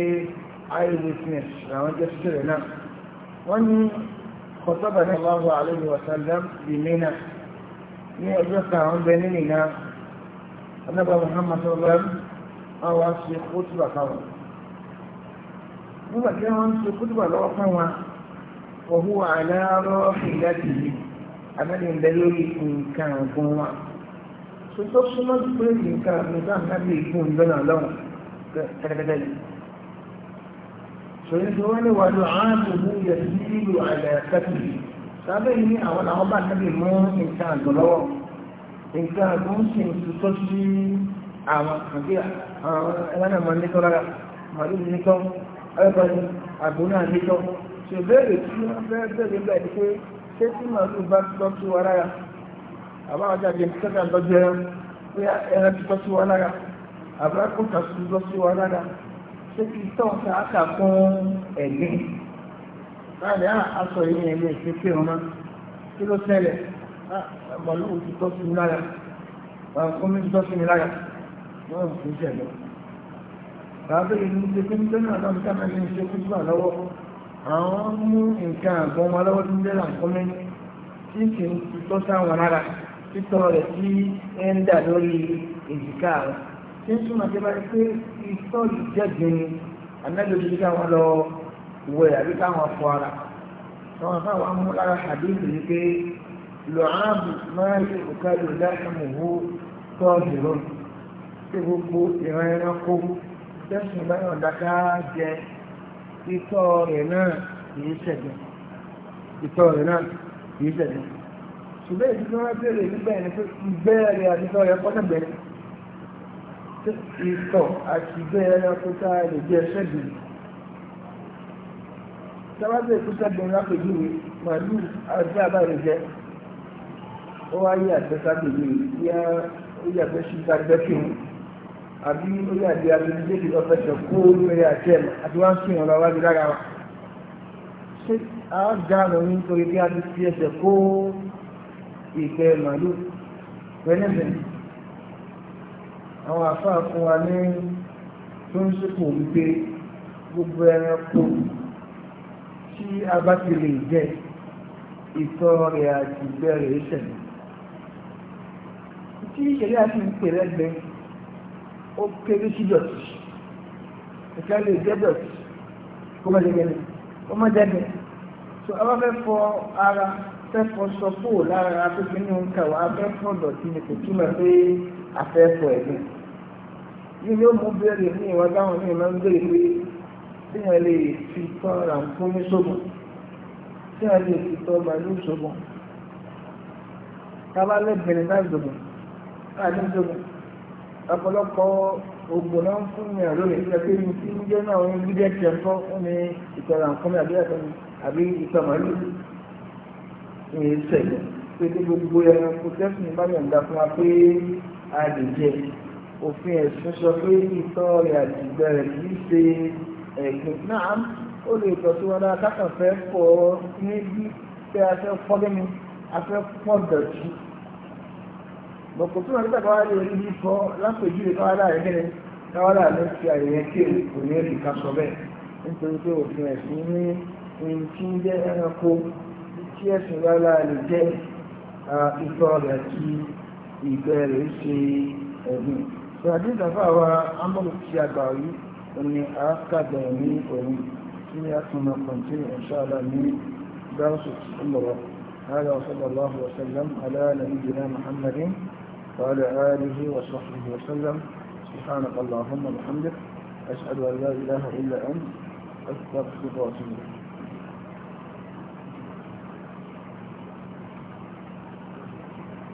eyewitness àwọn jẹ́ síṣẹ̀lẹ̀ náà wọ́n ní خطبنا الله عليه وسلم بمنى ní ọjọ́ karùn-ún bẹ nínú ìná ọlọ́gbà Muhammad sọlọ́m àwọn ṣe kótóbà káwọn nígbà tí wọ́n ṣe kótóbà lọ́wọ́ káwọn ọ̀hún àlárọ̀ ìdájì yìí àbẹ́lẹ̀ ń bẹ lórí nǹkan ọ̀gbọ́n wa tó súnmọ́ pé nǹkan ọ̀gbọ́n náà lè fún un lọ́nà lọ́wọ́ kẹ́kẹ́kẹ́kẹ́ torí tí wọ́n lè wà lọ ààbòbò yẹ sí ìlú àlẹ́ kẹ́tù sábẹ́ yìí ní àwọn àwọn bá nẹ́bí mú nǹkan àgbọ̀n lọ́wọ́ nǹkan àgbọ̀n sì ń tutọ́ sí àwọn àti àwọn ẹlẹ́nà máa nítọ́ tó ti tọ́ káàkà fún ẹ̀mí láàrin ah, aṣọ yìí ẹ̀mí ìṣẹ́fẹ́ ọmọ kí ló ṣẹlẹ̀ ah, mọ̀lúwò ti tọ́ sí mi lára omi ti tọ́ sí mi lára wọ́n kò ṣẹlẹ̀ bàbá ìlú ti fi ń tẹ́lẹ̀ àdáwọn táwọn ẹni ṣe kú sílà lọ́wọ́ àwọn mú nǹkan àgbọn wọn lọ́wọ́ tó ń dẹ́là kọ́mí tí kì í tọ́ sáwọn lára títọ́ rẹ̀ tí ẹ ń dà lórí èjìká rẹ̀ tí ń túmọ̀ sí báyìí pé ìtọ́ yìí jẹ́gbin anábìyí ti káwọn lọ wẹ̀ àbí káwọn fọ ara àwọn afáwọn amú lára àdéhùn yìí pé lọ́ọ̀rán máa yí òkàdù láìmùhú tọ́ọ̀dù rọ̀ tí gbogbo ìran ẹranko tẹ́sùn báyọ̀ dáká jẹ ìtọ́ rẹ̀ náà kìí ṣẹ̀gbẹ́ ìtọ́ rẹ̀ náà kìí ṣẹ̀gbẹ́ ṣùgbọ́n ìdíjọ́ wọn bèèrè nígbà ẹni pé ìgbẹ́ rẹ̀ àdíjọ́ rẹ̀ kọ́ ìtọ̀ àti ìgbẹ́ ẹranko tá a lè jẹ ṣẹ́bìrì sábàbẹ̀ tó ṣẹ́bìrì lápèjúwe màálù àti àbáyé jẹ ó wá yí àtẹ́sábìrì yá ó yí àtẹ́sí gbàgbẹ́kì wọn àbí ó yí àti àbíjẹ́kì lọ́fẹ̀sẹ̀ kó lórí àti ẹ̀mà àti wá ń fi hàn lọ́wọ́ lára wa ṣé a ga lórí nítorí bí a ti fi ẹsẹ̀ kó ìgbẹ́ màálù pẹ́lẹ́mẹ́lẹ́ àwọn àfáà fún wa ní tó ń sípò wípé gbogbo ẹranko tí a bá ti lè jẹ ìtọ́ rẹ̀ àti ìgbẹ́ rẹ̀ ṣẹlẹ̀ tí ìṣẹ̀lẹ̀ àti ìpè lẹ́gbẹ̀ẹ́ ó kéré sí dọ̀tí ìka lè jẹ́ dọ̀tí kó má jẹ́ gẹ́gẹ́ kó má jẹ́ gẹ́gẹ́ so a bá fẹ́ fọ ara fẹ́ fọ sọ fóò lára pé kí ni ó ń kà wá fẹ́ fọ dọ̀tí ni kò túmọ̀ pé afẹ́fọ́ ẹ̀mí yìí ló mú bẹ́ẹ̀rẹ̀ ní ìwà táwọn míì máa ń gbé ìwé tí wọ́n lè fi tán ra fún ní sóbò tí wọ́n lè fi tán màálù sóbò tábà lẹ́bìnrin náà sóbò káàdé sóbò ọ̀pọ̀lọpọ̀ oògùn náà ń fún mi àlọ́ rẹ̀ nígbà tí mi ti ń jẹ́ náà ń gbígbẹ́ tiẹ̀ ń kọ́ fún mi ìtọ́ra fún mi àbí ẹ̀fọ́ mi àbí ìtọ́ màálù mi ń sẹ̀gbọ́n pé ní gbogbo ẹranko tẹ́sán ìbámu ẹ̀dá fún wa pé a lè jẹ òfin ẹ̀sùn sọ pé ìtọ́ rẹ̀ àti ìgbẹ́ rẹ̀ kì í ṣe ẹ̀gbìn náà ó lè tọ́ sí wọn náà kákan fẹ́ pọ̀ níbi pé a fẹ́ pọ́ lẹ́nu a fẹ́ pọ́ dọ̀tí bọ̀kọ̀ tó wọn nígbàgbọ́ wáyé orí fífọ́ lápèjúwe káwádà rẹ̀ kẹ́lẹ́ káwádà ló fi àyè yẹn kéèrè kò ní èlì ká sọ bẹ́ẹ̀ nítorí pé òfin ẹ̀sìn ní ohun jẹ́ ẹranko tí ẹ̀sìn rárá lè jẹ́ ìtọ́ rẹ̀ kí ìgbẹ́ rẹ̀ ṣe ẹ̀gbìn ṣàdí ìdàfàwà amóhùnkí àgbà yìí òní àákàgbà ní òun tí a tún mọ̀ kọ̀ntí ìṣàlá ní dáṣù ìlọ́wọ́ هذا وصلى الله وسلم على نبينا محمد وعلى آله وصحبه وسلم سبحانك اللهم وبحمدك أشهد أن لا إله إلا أنت أستغفرك وأتوب إليك